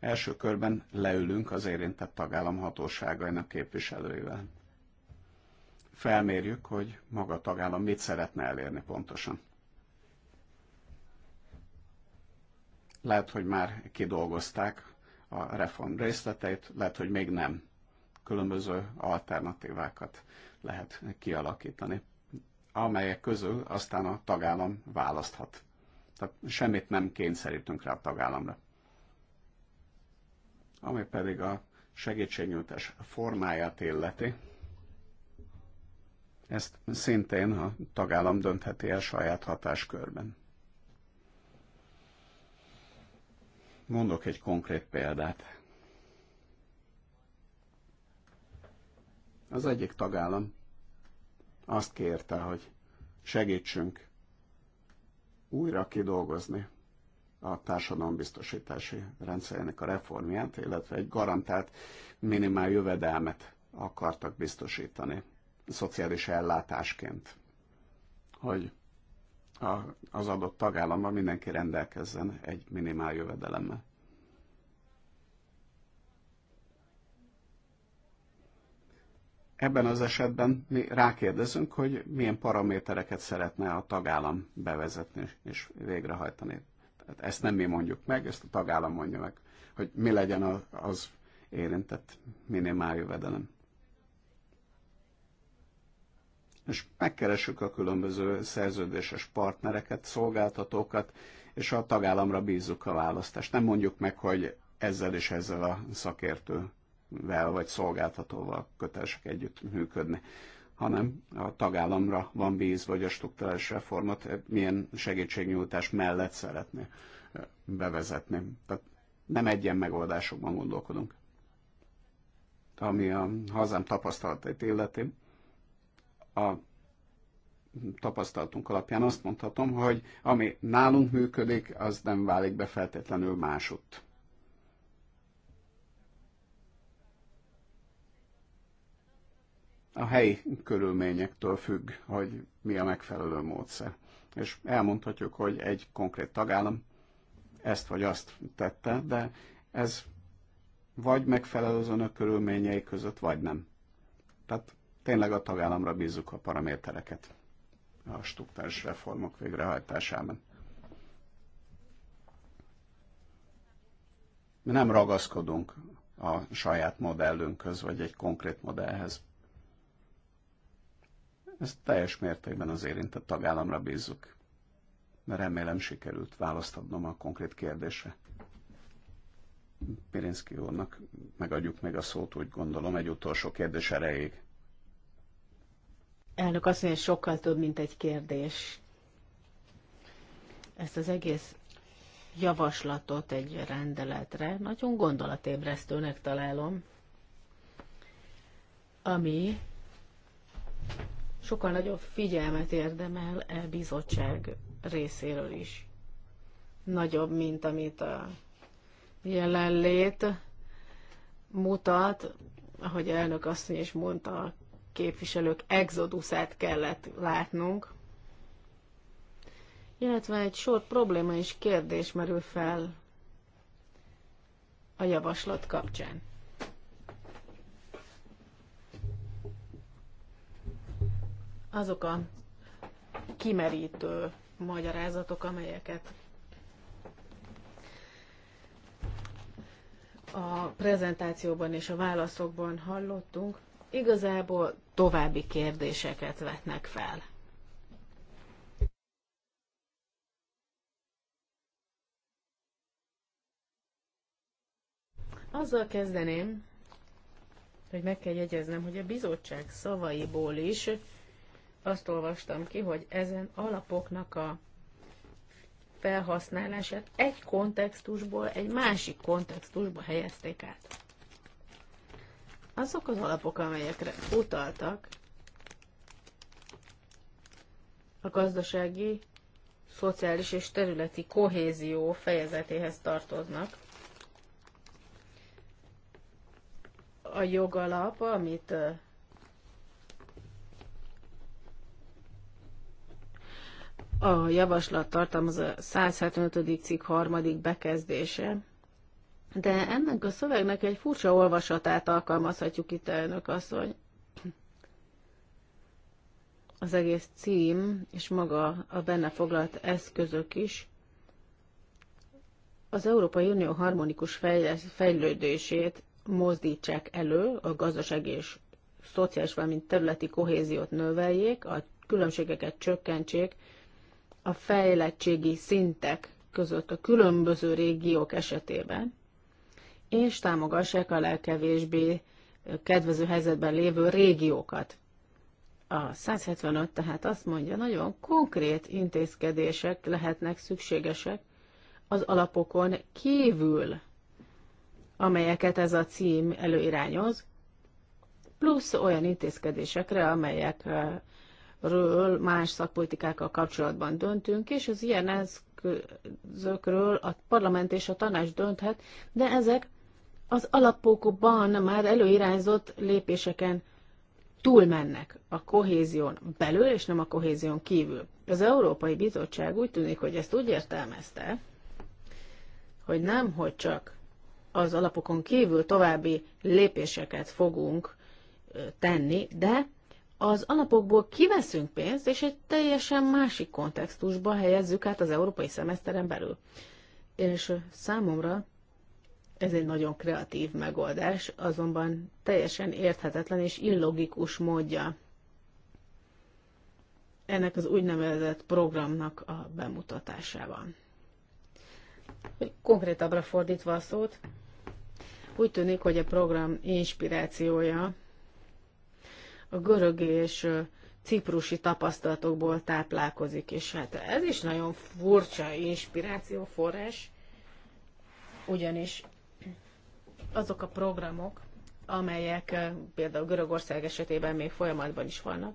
első körben leülünk az érintett tagállam hatóságainak képviselőivel felmérjük, hogy maga a tagállam mit szeretne elérni pontosan. Lehet, hogy már kidolgozták a reform részleteit, lehet, hogy még nem. Különböző alternatívákat lehet kialakítani, amelyek közül aztán a tagállam választhat. Tehát semmit nem kényszerítünk rá a tagállamra. Ami pedig a segítségnyújtás formáját illeti, ezt szintén a tagállam döntheti el saját hatáskörben. Mondok egy konkrét példát. Az egyik tagállam azt kérte, hogy segítsünk újra kidolgozni a társadalombiztosítási rendszerének a reformját, illetve egy garantált minimál jövedelmet akartak biztosítani szociális ellátásként, hogy a, az adott tagállamban mindenki rendelkezzen egy minimál jövedelemmel. Ebben az esetben mi rákérdezünk, hogy milyen paramétereket szeretne a tagállam bevezetni és végrehajtani. Tehát ezt nem mi mondjuk meg, ezt a tagállam mondja meg, hogy mi legyen az érintett minimál jövedelem. és megkeressük a különböző szerződéses partnereket, szolgáltatókat, és a tagállamra bízzuk a választást. Nem mondjuk meg, hogy ezzel és ezzel a szakértővel vagy szolgáltatóval kötelesek együtt működni, hanem a tagállamra van bíz, vagy a struktúrális reformot milyen segítségnyújtás mellett szeretné bevezetni. Tehát nem egyen megoldásokban gondolkodunk. Ami a hazám tapasztalatait illeti, a tapasztalatunk alapján azt mondhatom, hogy ami nálunk működik, az nem válik be feltétlenül másutt. A helyi körülményektől függ, hogy mi a megfelelő módszer. És elmondhatjuk, hogy egy konkrét tagállam ezt vagy azt tette, de ez vagy megfelel az önök körülményei között, vagy nem. Tehát tényleg a tagállamra bízzuk a paramétereket a struktúrás reformok végrehajtásában. Mi nem ragaszkodunk a saját modellünkhöz, vagy egy konkrét modellhez. Ezt teljes mértékben az érintett tagállamra bízzuk. mert remélem sikerült választ adnom a konkrét kérdésre. Pirinszki úrnak megadjuk meg a szót, úgy gondolom, egy utolsó kérdés erejéig. Elnök azt mondja, sokkal több, mint egy kérdés. Ezt az egész javaslatot egy rendeletre nagyon gondolatébresztőnek találom, ami sokkal nagyobb figyelmet érdemel e bizottság részéről is. Nagyobb, mint amit a jelenlét mutat, ahogy elnök asszony is mondta, a képviselők exoduszát kellett látnunk, illetve egy sor probléma és kérdés merül fel a javaslat kapcsán. Azok a kimerítő magyarázatok, amelyeket a prezentációban és a válaszokban hallottunk, igazából további kérdéseket vetnek fel. Azzal kezdeném, hogy meg kell jegyeznem, hogy a bizottság szavaiból is azt olvastam ki, hogy ezen alapoknak a felhasználását egy kontextusból egy másik kontextusba helyezték át. Azok az alapok, amelyekre utaltak, a gazdasági, szociális és területi kohézió fejezetéhez tartoznak. A jogalap, amit a javaslat tartalmaz a 175. cikk harmadik bekezdése, de ennek a szövegnek egy furcsa olvasatát alkalmazhatjuk itt, elnök asszony. Az egész cím és maga a benne foglalt eszközök is az Európai Unió harmonikus fejlődését mozdítsák elő, a gazdasági és szociális, valamint területi kohéziót növeljék, a különbségeket csökkentsék, a fejlettségi szintek között a különböző régiók esetében, és támogassák a legkevésbé kedvező helyzetben lévő régiókat. A 175 tehát azt mondja, nagyon konkrét intézkedések lehetnek szükségesek az alapokon kívül, amelyeket ez a cím előirányoz, plusz olyan intézkedésekre, amelyekről más szakpolitikákkal kapcsolatban döntünk, és az ilyen eszközökről a parlament és a tanács dönthet, de ezek az alapokban már előirányzott lépéseken túlmennek a kohézión belül, és nem a kohézión kívül. Az Európai Bizottság úgy tűnik, hogy ezt úgy értelmezte, hogy nem, hogy csak az alapokon kívül további lépéseket fogunk tenni, de az alapokból kiveszünk pénzt, és egy teljesen másik kontextusba helyezzük át az európai szemeszteren belül. És számomra ez egy nagyon kreatív megoldás, azonban teljesen érthetetlen és illogikus módja ennek az úgynevezett programnak a bemutatásában. konkrétabbra fordítva a szót, úgy tűnik, hogy a program inspirációja a görög és ciprusi tapasztalatokból táplálkozik, és hát ez is nagyon furcsa inspirációforrás, ugyanis azok a programok, amelyek eh, például Görögország esetében még folyamatban is vannak,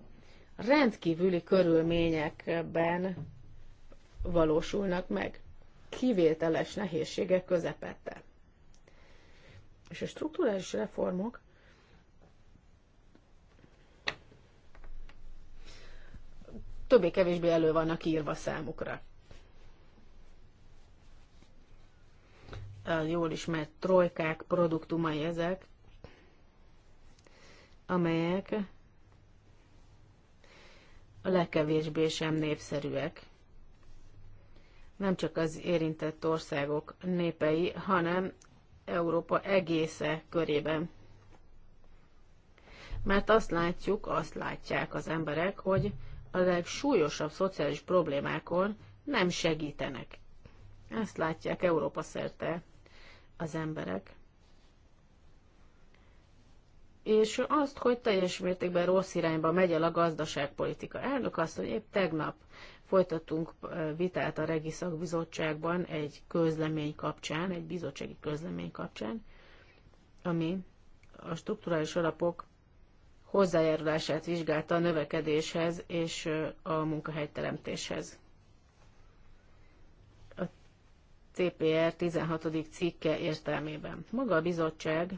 rendkívüli körülményekben valósulnak meg, kivételes nehézségek közepette. És a struktúrális reformok többé-kevésbé elő vannak írva számukra. a jól ismert trojkák produktumai ezek, amelyek a legkevésbé sem népszerűek. Nem csak az érintett országok népei, hanem Európa egésze körében. Mert azt látjuk, azt látják az emberek, hogy a legsúlyosabb szociális problémákon nem segítenek. Ezt látják Európa szerte az emberek, és azt, hogy teljes mértékben rossz irányba megy el a gazdaságpolitika. Elnök azt, hogy épp tegnap folytattunk vitát a Regi Szakbizottságban egy közlemény kapcsán, egy bizottsági közlemény kapcsán, ami a strukturális alapok hozzájárulását vizsgálta a növekedéshez és a munkahelyteremtéshez. CPR 16. cikke értelmében. Maga a bizottság,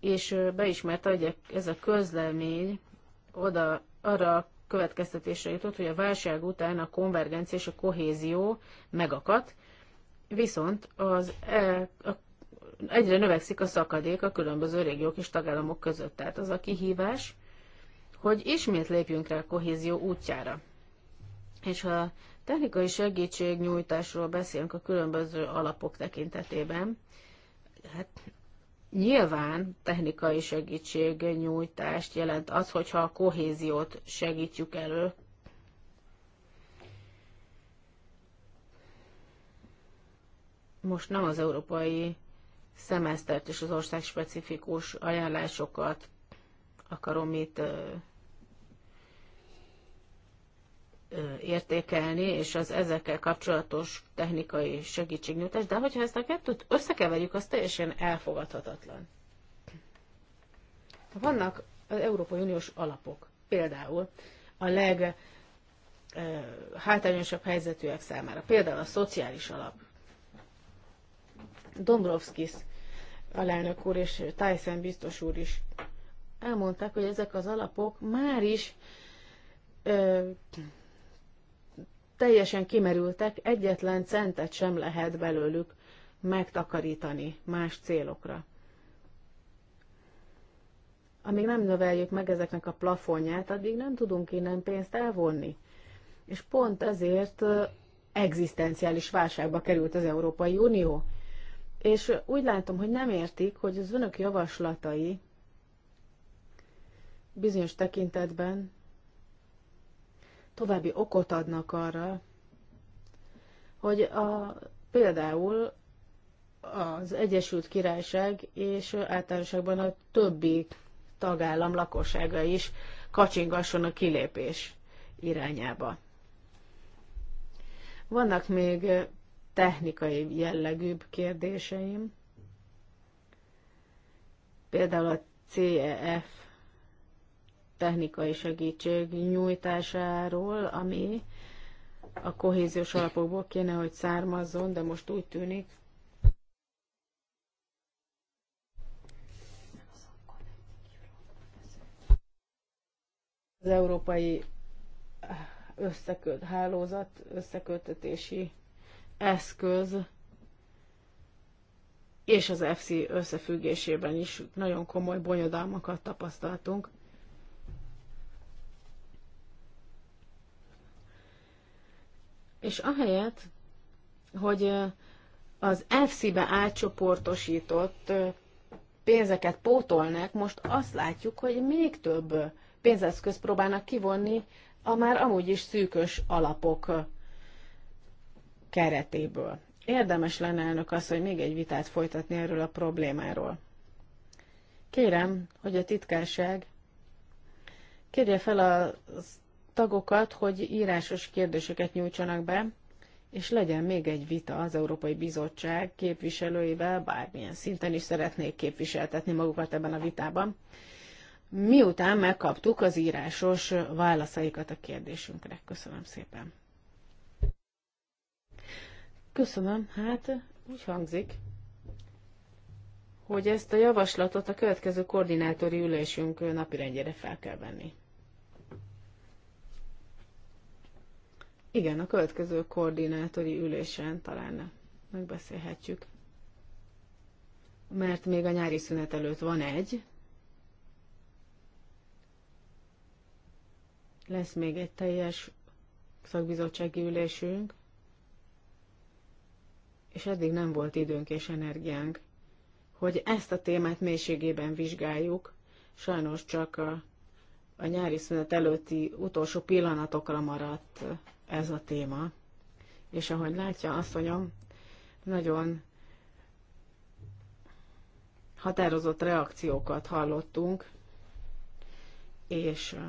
és beismerte, hogy e- ez a közlemény oda, arra következtetésre jutott, hogy a válság után a konvergencia és a kohézió megakadt, viszont az e, a, egyre növekszik a szakadék a különböző régiók és tagállamok között. Tehát az a kihívás, hogy ismét lépjünk rá a kohézió útjára. És ha Technikai segítségnyújtásról beszélünk a különböző alapok tekintetében. Hát nyilván technikai segítségnyújtást jelent az, hogyha a kohéziót segítjük elő. Most nem az európai szemesztert és az ország specifikus ajánlásokat akarom itt értékelni, és az ezekkel kapcsolatos technikai segítségnyújtás, de hogyha ezt a kettőt összekeverjük, az teljesen elfogadhatatlan. Vannak az Európai Uniós alapok, például a leg hátrányosabb helyzetűek számára, például a szociális alap. Dombrovskis alelnök úr és Tyson biztos úr is elmondták, hogy ezek az alapok már is teljesen kimerültek, egyetlen centet sem lehet belőlük megtakarítani más célokra. Amíg nem növeljük meg ezeknek a plafonját, addig nem tudunk innen pénzt elvonni. És pont ezért egzisztenciális válságba került az Európai Unió. És úgy látom, hogy nem értik, hogy az önök javaslatai bizonyos tekintetben további okot adnak arra, hogy a, például az Egyesült Királyság és általánosságban a többi tagállam lakossága is kacsingasson a kilépés irányába. Vannak még technikai jellegűbb kérdéseim. Például a CEF technikai segítség nyújtásáról, ami a kohéziós alapokból kéne, hogy származzon, de most úgy tűnik, az európai összeköt, hálózat, összekötetési eszköz és az FC összefüggésében is nagyon komoly bonyodalmakat tapasztaltunk. és ahelyett, hogy az FC-be átcsoportosított pénzeket pótolnak, most azt látjuk, hogy még több pénzeszköz próbálnak kivonni a már amúgy is szűkös alapok keretéből. Érdemes lenne elnök az, hogy még egy vitát folytatni erről a problémáról. Kérem, hogy a titkárság kérje fel az tagokat, hogy írásos kérdéseket nyújtsanak be, és legyen még egy vita az Európai Bizottság képviselőivel, bármilyen szinten is szeretnék képviseltetni magukat ebben a vitában, miután megkaptuk az írásos válaszaikat a kérdésünkre. Köszönöm szépen. Köszönöm, hát úgy hangzik, hogy ezt a javaslatot a következő koordinátori ülésünk napirendjére fel kell venni. Igen, a következő koordinátori ülésen talán megbeszélhetjük. Mert még a nyári szünet előtt van egy. Lesz még egy teljes szakbizottsági ülésünk, és eddig nem volt időnk és energiánk, hogy ezt a témát mélységében vizsgáljuk, sajnos csak a, a nyári szünet előtti utolsó pillanatokra maradt ez a téma, és ahogy látja asszonyom, nagyon határozott reakciókat hallottunk, és eh,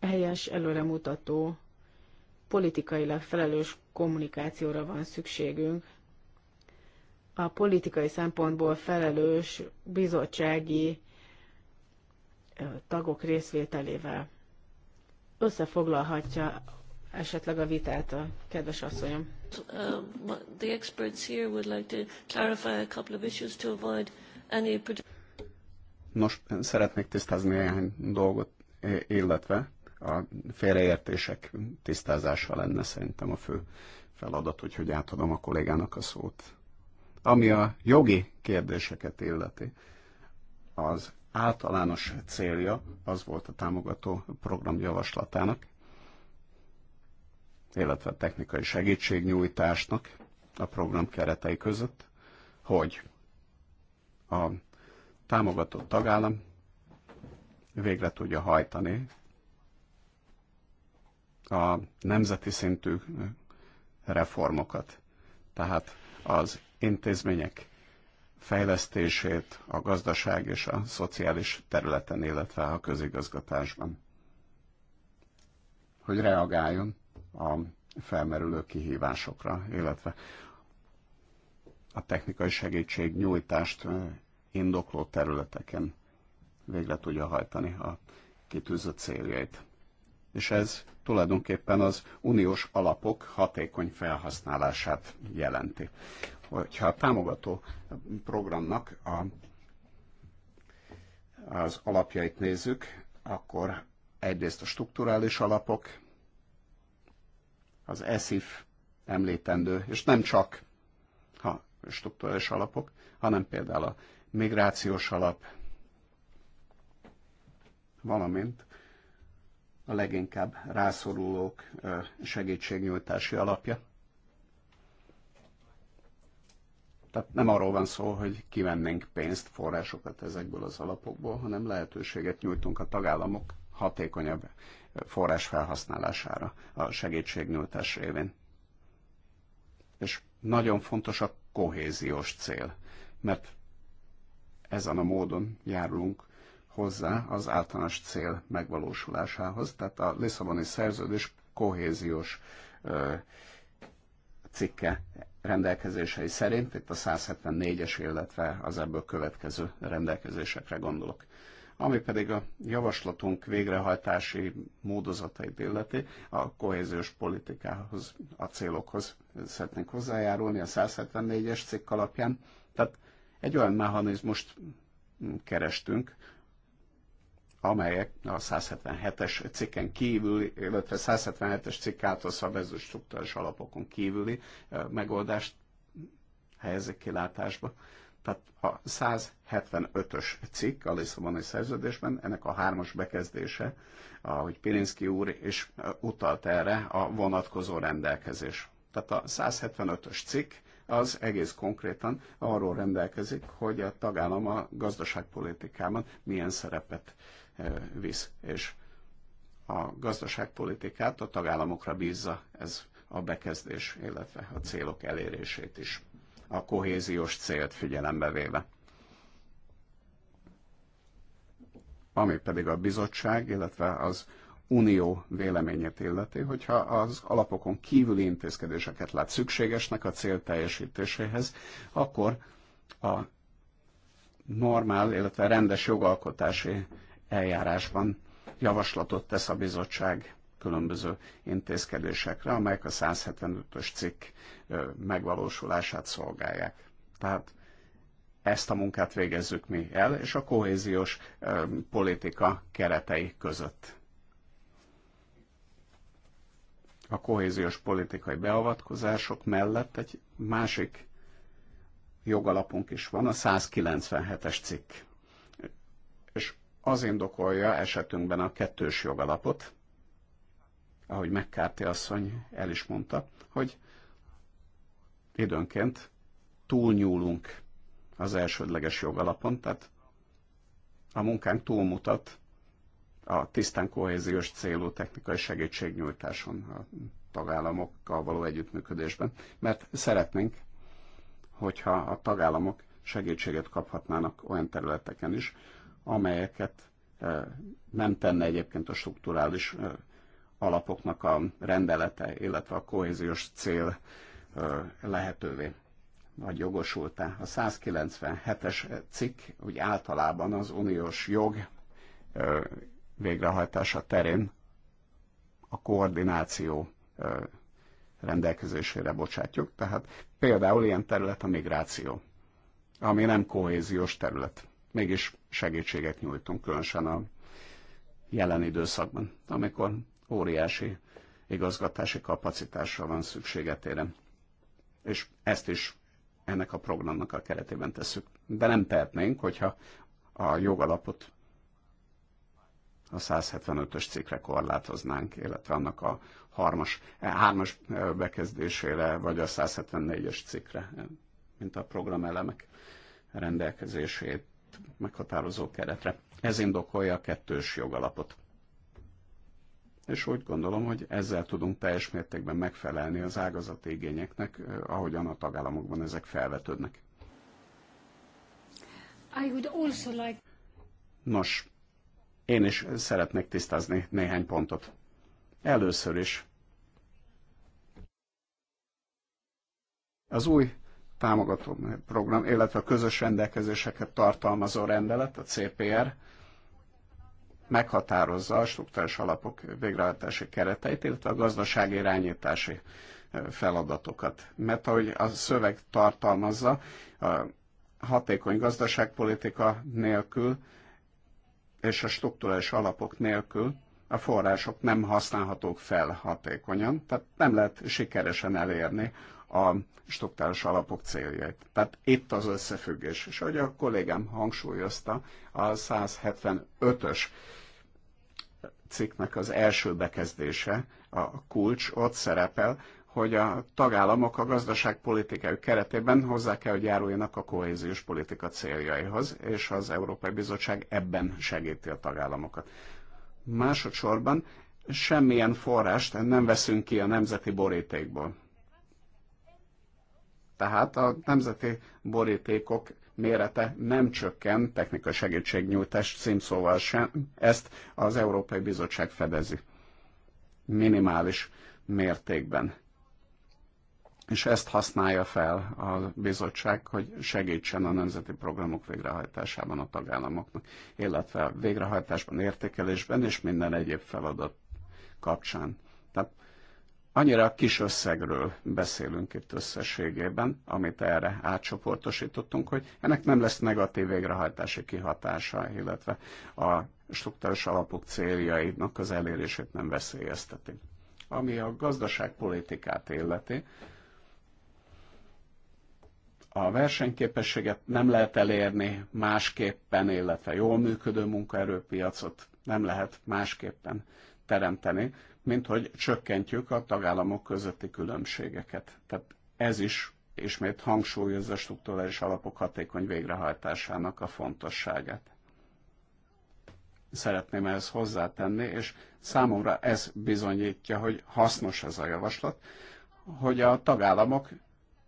helyes, előremutató, politikailag felelős kommunikációra van szükségünk. A politikai szempontból felelős bizottsági eh, tagok részvételével összefoglalhatja esetleg a vitát a kedves asszonyom. Um, a Nos, szeretnék tisztázni néhány dolgot, illetve a félreértések tisztázása lenne szerintem a fő feladat, úgyhogy átadom a kollégának a szót. Ami a jogi kérdéseket illeti, az általános célja az volt a támogató program javaslatának, illetve a technikai segítségnyújtásnak a program keretei között, hogy a támogatott tagállam végre tudja hajtani a nemzeti szintű reformokat. Tehát az intézmények fejlesztését a gazdaság és a szociális területen, illetve a közigazgatásban. Hogy reagáljon a felmerülő kihívásokra, illetve a technikai segítség nyújtást indokló területeken végre tudja hajtani a kitűzött céljait és ez tulajdonképpen az uniós alapok hatékony felhasználását jelenti. Hogyha a támogató programnak a, az alapjait nézzük, akkor egyrészt a strukturális alapok, az ESIF említendő, és nem csak ha strukturális alapok, hanem például a migrációs alap, valamint a leginkább rászorulók segítségnyújtási alapja. Tehát nem arról van szó, hogy kivennénk pénzt, forrásokat ezekből az alapokból, hanem lehetőséget nyújtunk a tagállamok hatékonyabb forrás felhasználására a segítségnyújtás révén. És nagyon fontos a kohéziós cél, mert ezen a módon járulunk hozzá az általános cél megvalósulásához, tehát a Lisszaboni szerződés kohéziós ö, cikke rendelkezései szerint, itt a 174-es, illetve az ebből következő rendelkezésekre gondolok. Ami pedig a javaslatunk végrehajtási módozatait illeti, a kohéziós politikához, a célokhoz szeretnénk hozzájárulni a 174-es cikk alapján. Tehát egy olyan mechanizmust kerestünk, amelyek a 177-es cikken kívüli, illetve 177-es cikk által szabályozó struktúrás alapokon kívüli megoldást helyezik kilátásba. Tehát a 175-ös cikk a Lisszaboni szerződésben, ennek a hármas bekezdése, ahogy Pirinszki úr is utalt erre, a vonatkozó rendelkezés. Tehát a 175-ös cikk az egész konkrétan arról rendelkezik, hogy a tagállam a gazdaságpolitikában milyen szerepet visz, és a gazdaságpolitikát a tagállamokra bízza ez a bekezdés, illetve a célok elérését is, a kohéziós célt figyelembe véve. Ami pedig a bizottság, illetve az unió véleményét illeti, hogyha az alapokon kívüli intézkedéseket lát szükségesnek a cél teljesítéséhez, akkor a normál, illetve rendes jogalkotási eljárásban javaslatot tesz a bizottság különböző intézkedésekre, amelyek a 175-ös cikk megvalósulását szolgálják. Tehát ezt a munkát végezzük mi el, és a kohéziós politika keretei között. A kohéziós politikai beavatkozások mellett egy másik jogalapunk is van, a 197-es cikk. És az indokolja esetünkben a kettős jogalapot, ahogy megkárti asszony el is mondta, hogy időnként túlnyúlunk az elsődleges jogalapon, tehát a munkánk túlmutat a tisztán kohéziós célú technikai segítségnyújtáson a tagállamokkal való együttműködésben, mert szeretnénk, hogyha a tagállamok segítséget kaphatnának olyan területeken is, amelyeket nem tenne egyébként a strukturális alapoknak a rendelete, illetve a kohéziós cél lehetővé vagy jogosultá. A 197-es cikk úgy általában az uniós jog végrehajtása terén a koordináció rendelkezésére bocsátjuk. Tehát például ilyen terület a migráció, ami nem kohéziós terület mégis segítséget nyújtunk, különösen a jelen időszakban, amikor óriási igazgatási kapacitásra van szükségetére. És ezt is ennek a programnak a keretében tesszük. De nem tehetnénk, hogyha a jogalapot a 175-ös cikkre korlátoznánk, illetve annak a harmas, hármas bekezdésére, vagy a 174-es cikkre, mint a programelemek rendelkezését meghatározó keretre. Ez indokolja a kettős jogalapot. És úgy gondolom, hogy ezzel tudunk teljes mértékben megfelelni az ágazati igényeknek, eh, ahogyan a tagállamokban ezek felvetődnek. I would also like... Nos, én is szeretnék tisztázni néhány pontot. Először is az új támogató program, illetve a közös rendelkezéseket tartalmazó rendelet, a CPR, meghatározza a struktúrás alapok végrehajtási kereteit, illetve a gazdaság irányítási feladatokat. Mert ahogy a szöveg tartalmazza, a hatékony gazdaságpolitika nélkül és a struktúrás alapok nélkül a források nem használhatók fel hatékonyan, tehát nem lehet sikeresen elérni a struktúrás alapok céljait. Tehát itt az összefüggés. És ahogy a kollégám hangsúlyozta, a 175-ös cikknek az első bekezdése, a kulcs, ott szerepel, hogy a tagállamok a gazdaságpolitikai keretében hozzá kell, hogy járuljanak a kohéziós politika céljaihoz, és az Európai Bizottság ebben segíti a tagállamokat. Másodszorban semmilyen forrást nem veszünk ki a nemzeti borítékból. Tehát a nemzeti borítékok mérete nem csökken technikai segítségnyújtás címszóval sem. Ezt az Európai Bizottság fedezi minimális mértékben. És ezt használja fel a bizottság, hogy segítsen a nemzeti programok végrehajtásában a tagállamoknak, illetve a végrehajtásban, értékelésben és minden egyéb feladat kapcsán. Annyira kis összegről beszélünk itt összességében, amit erre átcsoportosítottunk, hogy ennek nem lesz negatív végrehajtási kihatása, illetve a struktúrás alapok céljainak az elérését nem veszélyezteti. Ami a gazdaságpolitikát illeti, a versenyképességet nem lehet elérni másképpen, illetve jól működő munkaerőpiacot nem lehet másképpen teremteni, mint hogy csökkentjük a tagállamok közötti különbségeket. Tehát ez is ismét hangsúlyozza struktúrális alapok hatékony végrehajtásának a fontosságát. Szeretném ehhez hozzátenni, és számomra ez bizonyítja, hogy hasznos ez a javaslat, hogy a tagállamok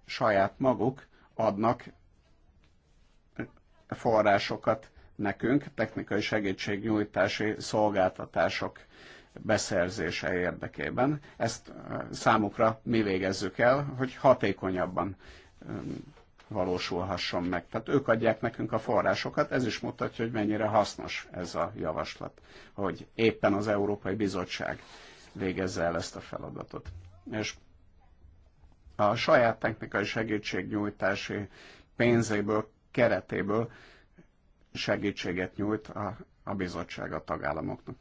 saját maguk adnak forrásokat nekünk, technikai segítségnyújtási szolgáltatások beszerzése érdekében. Ezt számukra mi végezzük el, hogy hatékonyabban valósulhasson meg. Tehát ők adják nekünk a forrásokat, ez is mutatja, hogy mennyire hasznos ez a javaslat, hogy éppen az Európai Bizottság végezze el ezt a feladatot. És a saját technikai segítségnyújtási pénzéből, keretéből segítséget nyújt a, a bizottság a tagállamoknak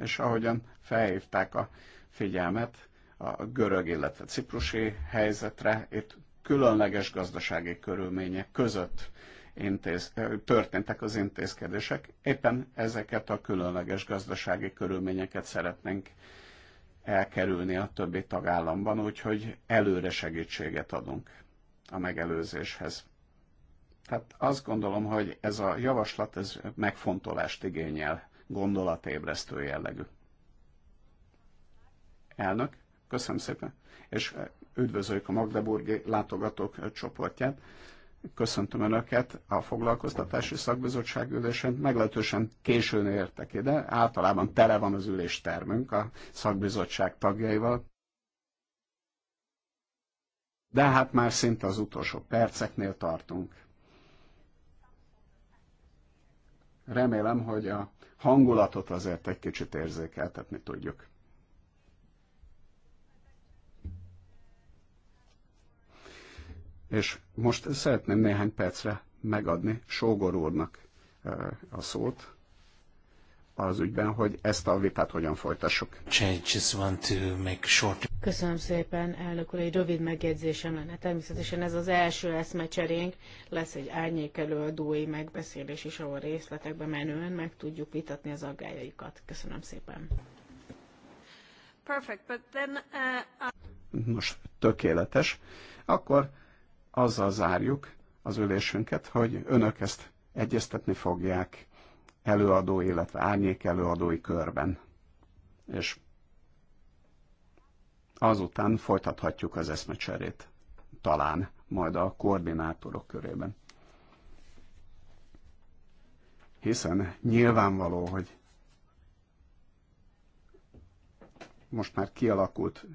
és ahogyan felhívták a figyelmet a görög, illetve ciprusi helyzetre, itt különleges gazdasági körülmények között intéz, történtek az intézkedések. Éppen ezeket a különleges gazdasági körülményeket szeretnénk elkerülni a többi tagállamban, úgyhogy előre segítséget adunk a megelőzéshez. Tehát azt gondolom, hogy ez a javaslat ez megfontolást igényel gondolatébresztő jellegű. Elnök, köszönöm szépen, és üdvözöljük a Magdeburgi látogatók csoportját. Köszöntöm Önöket a foglalkoztatási szakbizottság ülésén. Meglehetősen későn értek ide, általában tele van az üléstermünk a szakbizottság tagjaival. De hát már szinte az utolsó perceknél tartunk. Remélem, hogy a hangulatot azért egy kicsit érzékeltetni tudjuk. És most szeretném néhány percre megadni Sógor úrnak eh, a szót, az ügyben, hogy ezt a vitát hogyan folytassuk. Köszönöm szépen, elnök úr, egy rövid megjegyzésem lenne. Természetesen ez az első eszmecserénk, lesz egy a előadói megbeszélés is, ahol részletekbe menően meg tudjuk vitatni az aggájaikat. Köszönöm szépen. Perfect, but then, uh, I... Nos, tökéletes. Akkor azzal zárjuk az ülésünket, hogy önök ezt egyeztetni fogják előadó, illetve árnyék előadói körben. És azután folytathatjuk az eszmecserét. Talán majd a koordinátorok körében. Hiszen nyilvánvaló, hogy most már kialakult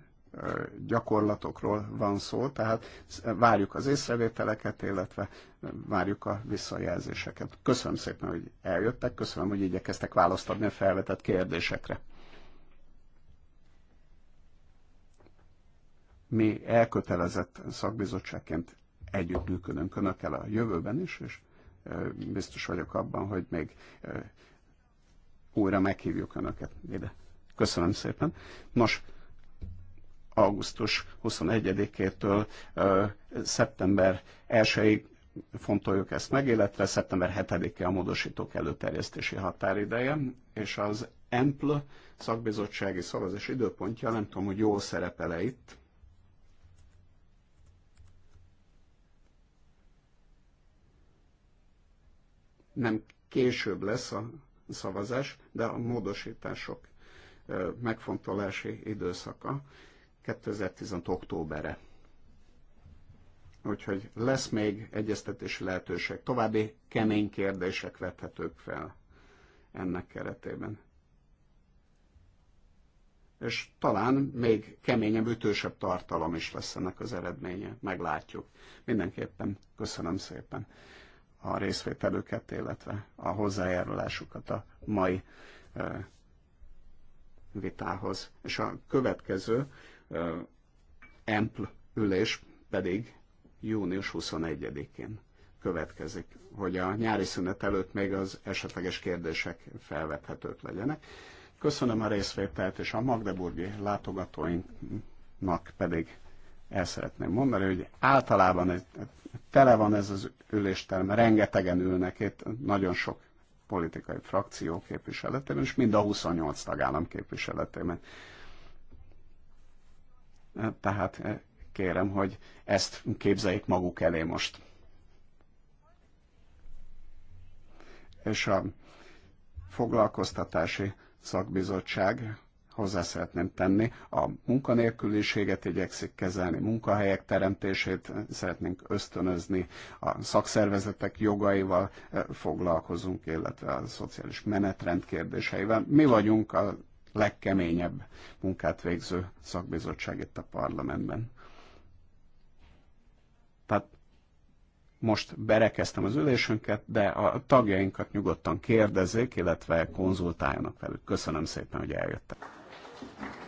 gyakorlatokról van szó, tehát várjuk az észrevételeket, illetve várjuk a visszajelzéseket. Köszönöm szépen, hogy eljöttek, köszönöm, hogy igyekeztek választ adni a felvetett kérdésekre. Mi elkötelezett szakbizottságként együtt működünk Önökkel a jövőben is, és biztos vagyok abban, hogy még újra meghívjuk Önöket ide. Köszönöm szépen. Nos, augusztus 21-től szeptember 1-ig fontoljuk ezt meg, illetve szeptember 7-e a módosítók előterjesztési határideje, és az EMPL szakbizottsági szavazás időpontja, nem tudom, hogy jól szerepele itt, nem később lesz a szavazás, de a módosítások megfontolási időszaka 2010. októberre. Úgyhogy lesz még egyeztetési lehetőség. További kemény kérdések vethetők fel ennek keretében. És talán még keményebb, ütősebb tartalom is lesz ennek az eredménye. Meglátjuk. Mindenképpen köszönöm szépen a részvételüket, illetve a hozzájárulásukat a mai eh, vitához. És a következő EMPL ülés pedig június 21-én következik, hogy a nyári szünet előtt még az esetleges kérdések felvethetők legyenek. Köszönöm a részvételt, és a magdeburgi látogatóinknak pedig el szeretném mondani, hogy általában tele van ez az ülésterem, rengetegen ülnek itt, nagyon sok politikai frakció képviseletében, és mind a 28 tagállam képviseletében. Tehát eh, kérem, hogy ezt képzeljék maguk elé most. És a foglalkoztatási szakbizottság hozzá szeretném tenni, a munkanélküliséget igyekszik kezelni, munkahelyek teremtését szeretnénk ösztönözni, a szakszervezetek jogaival eh, foglalkozunk, illetve a szociális menetrend kérdéseivel. Mi vagyunk a legkeményebb munkát végző szakbizottság itt a parlamentben. Tehát most berekeztem az ülésünket, de a tagjainkat nyugodtan kérdezzék, illetve konzultáljanak velük. Köszönöm szépen, hogy eljöttek.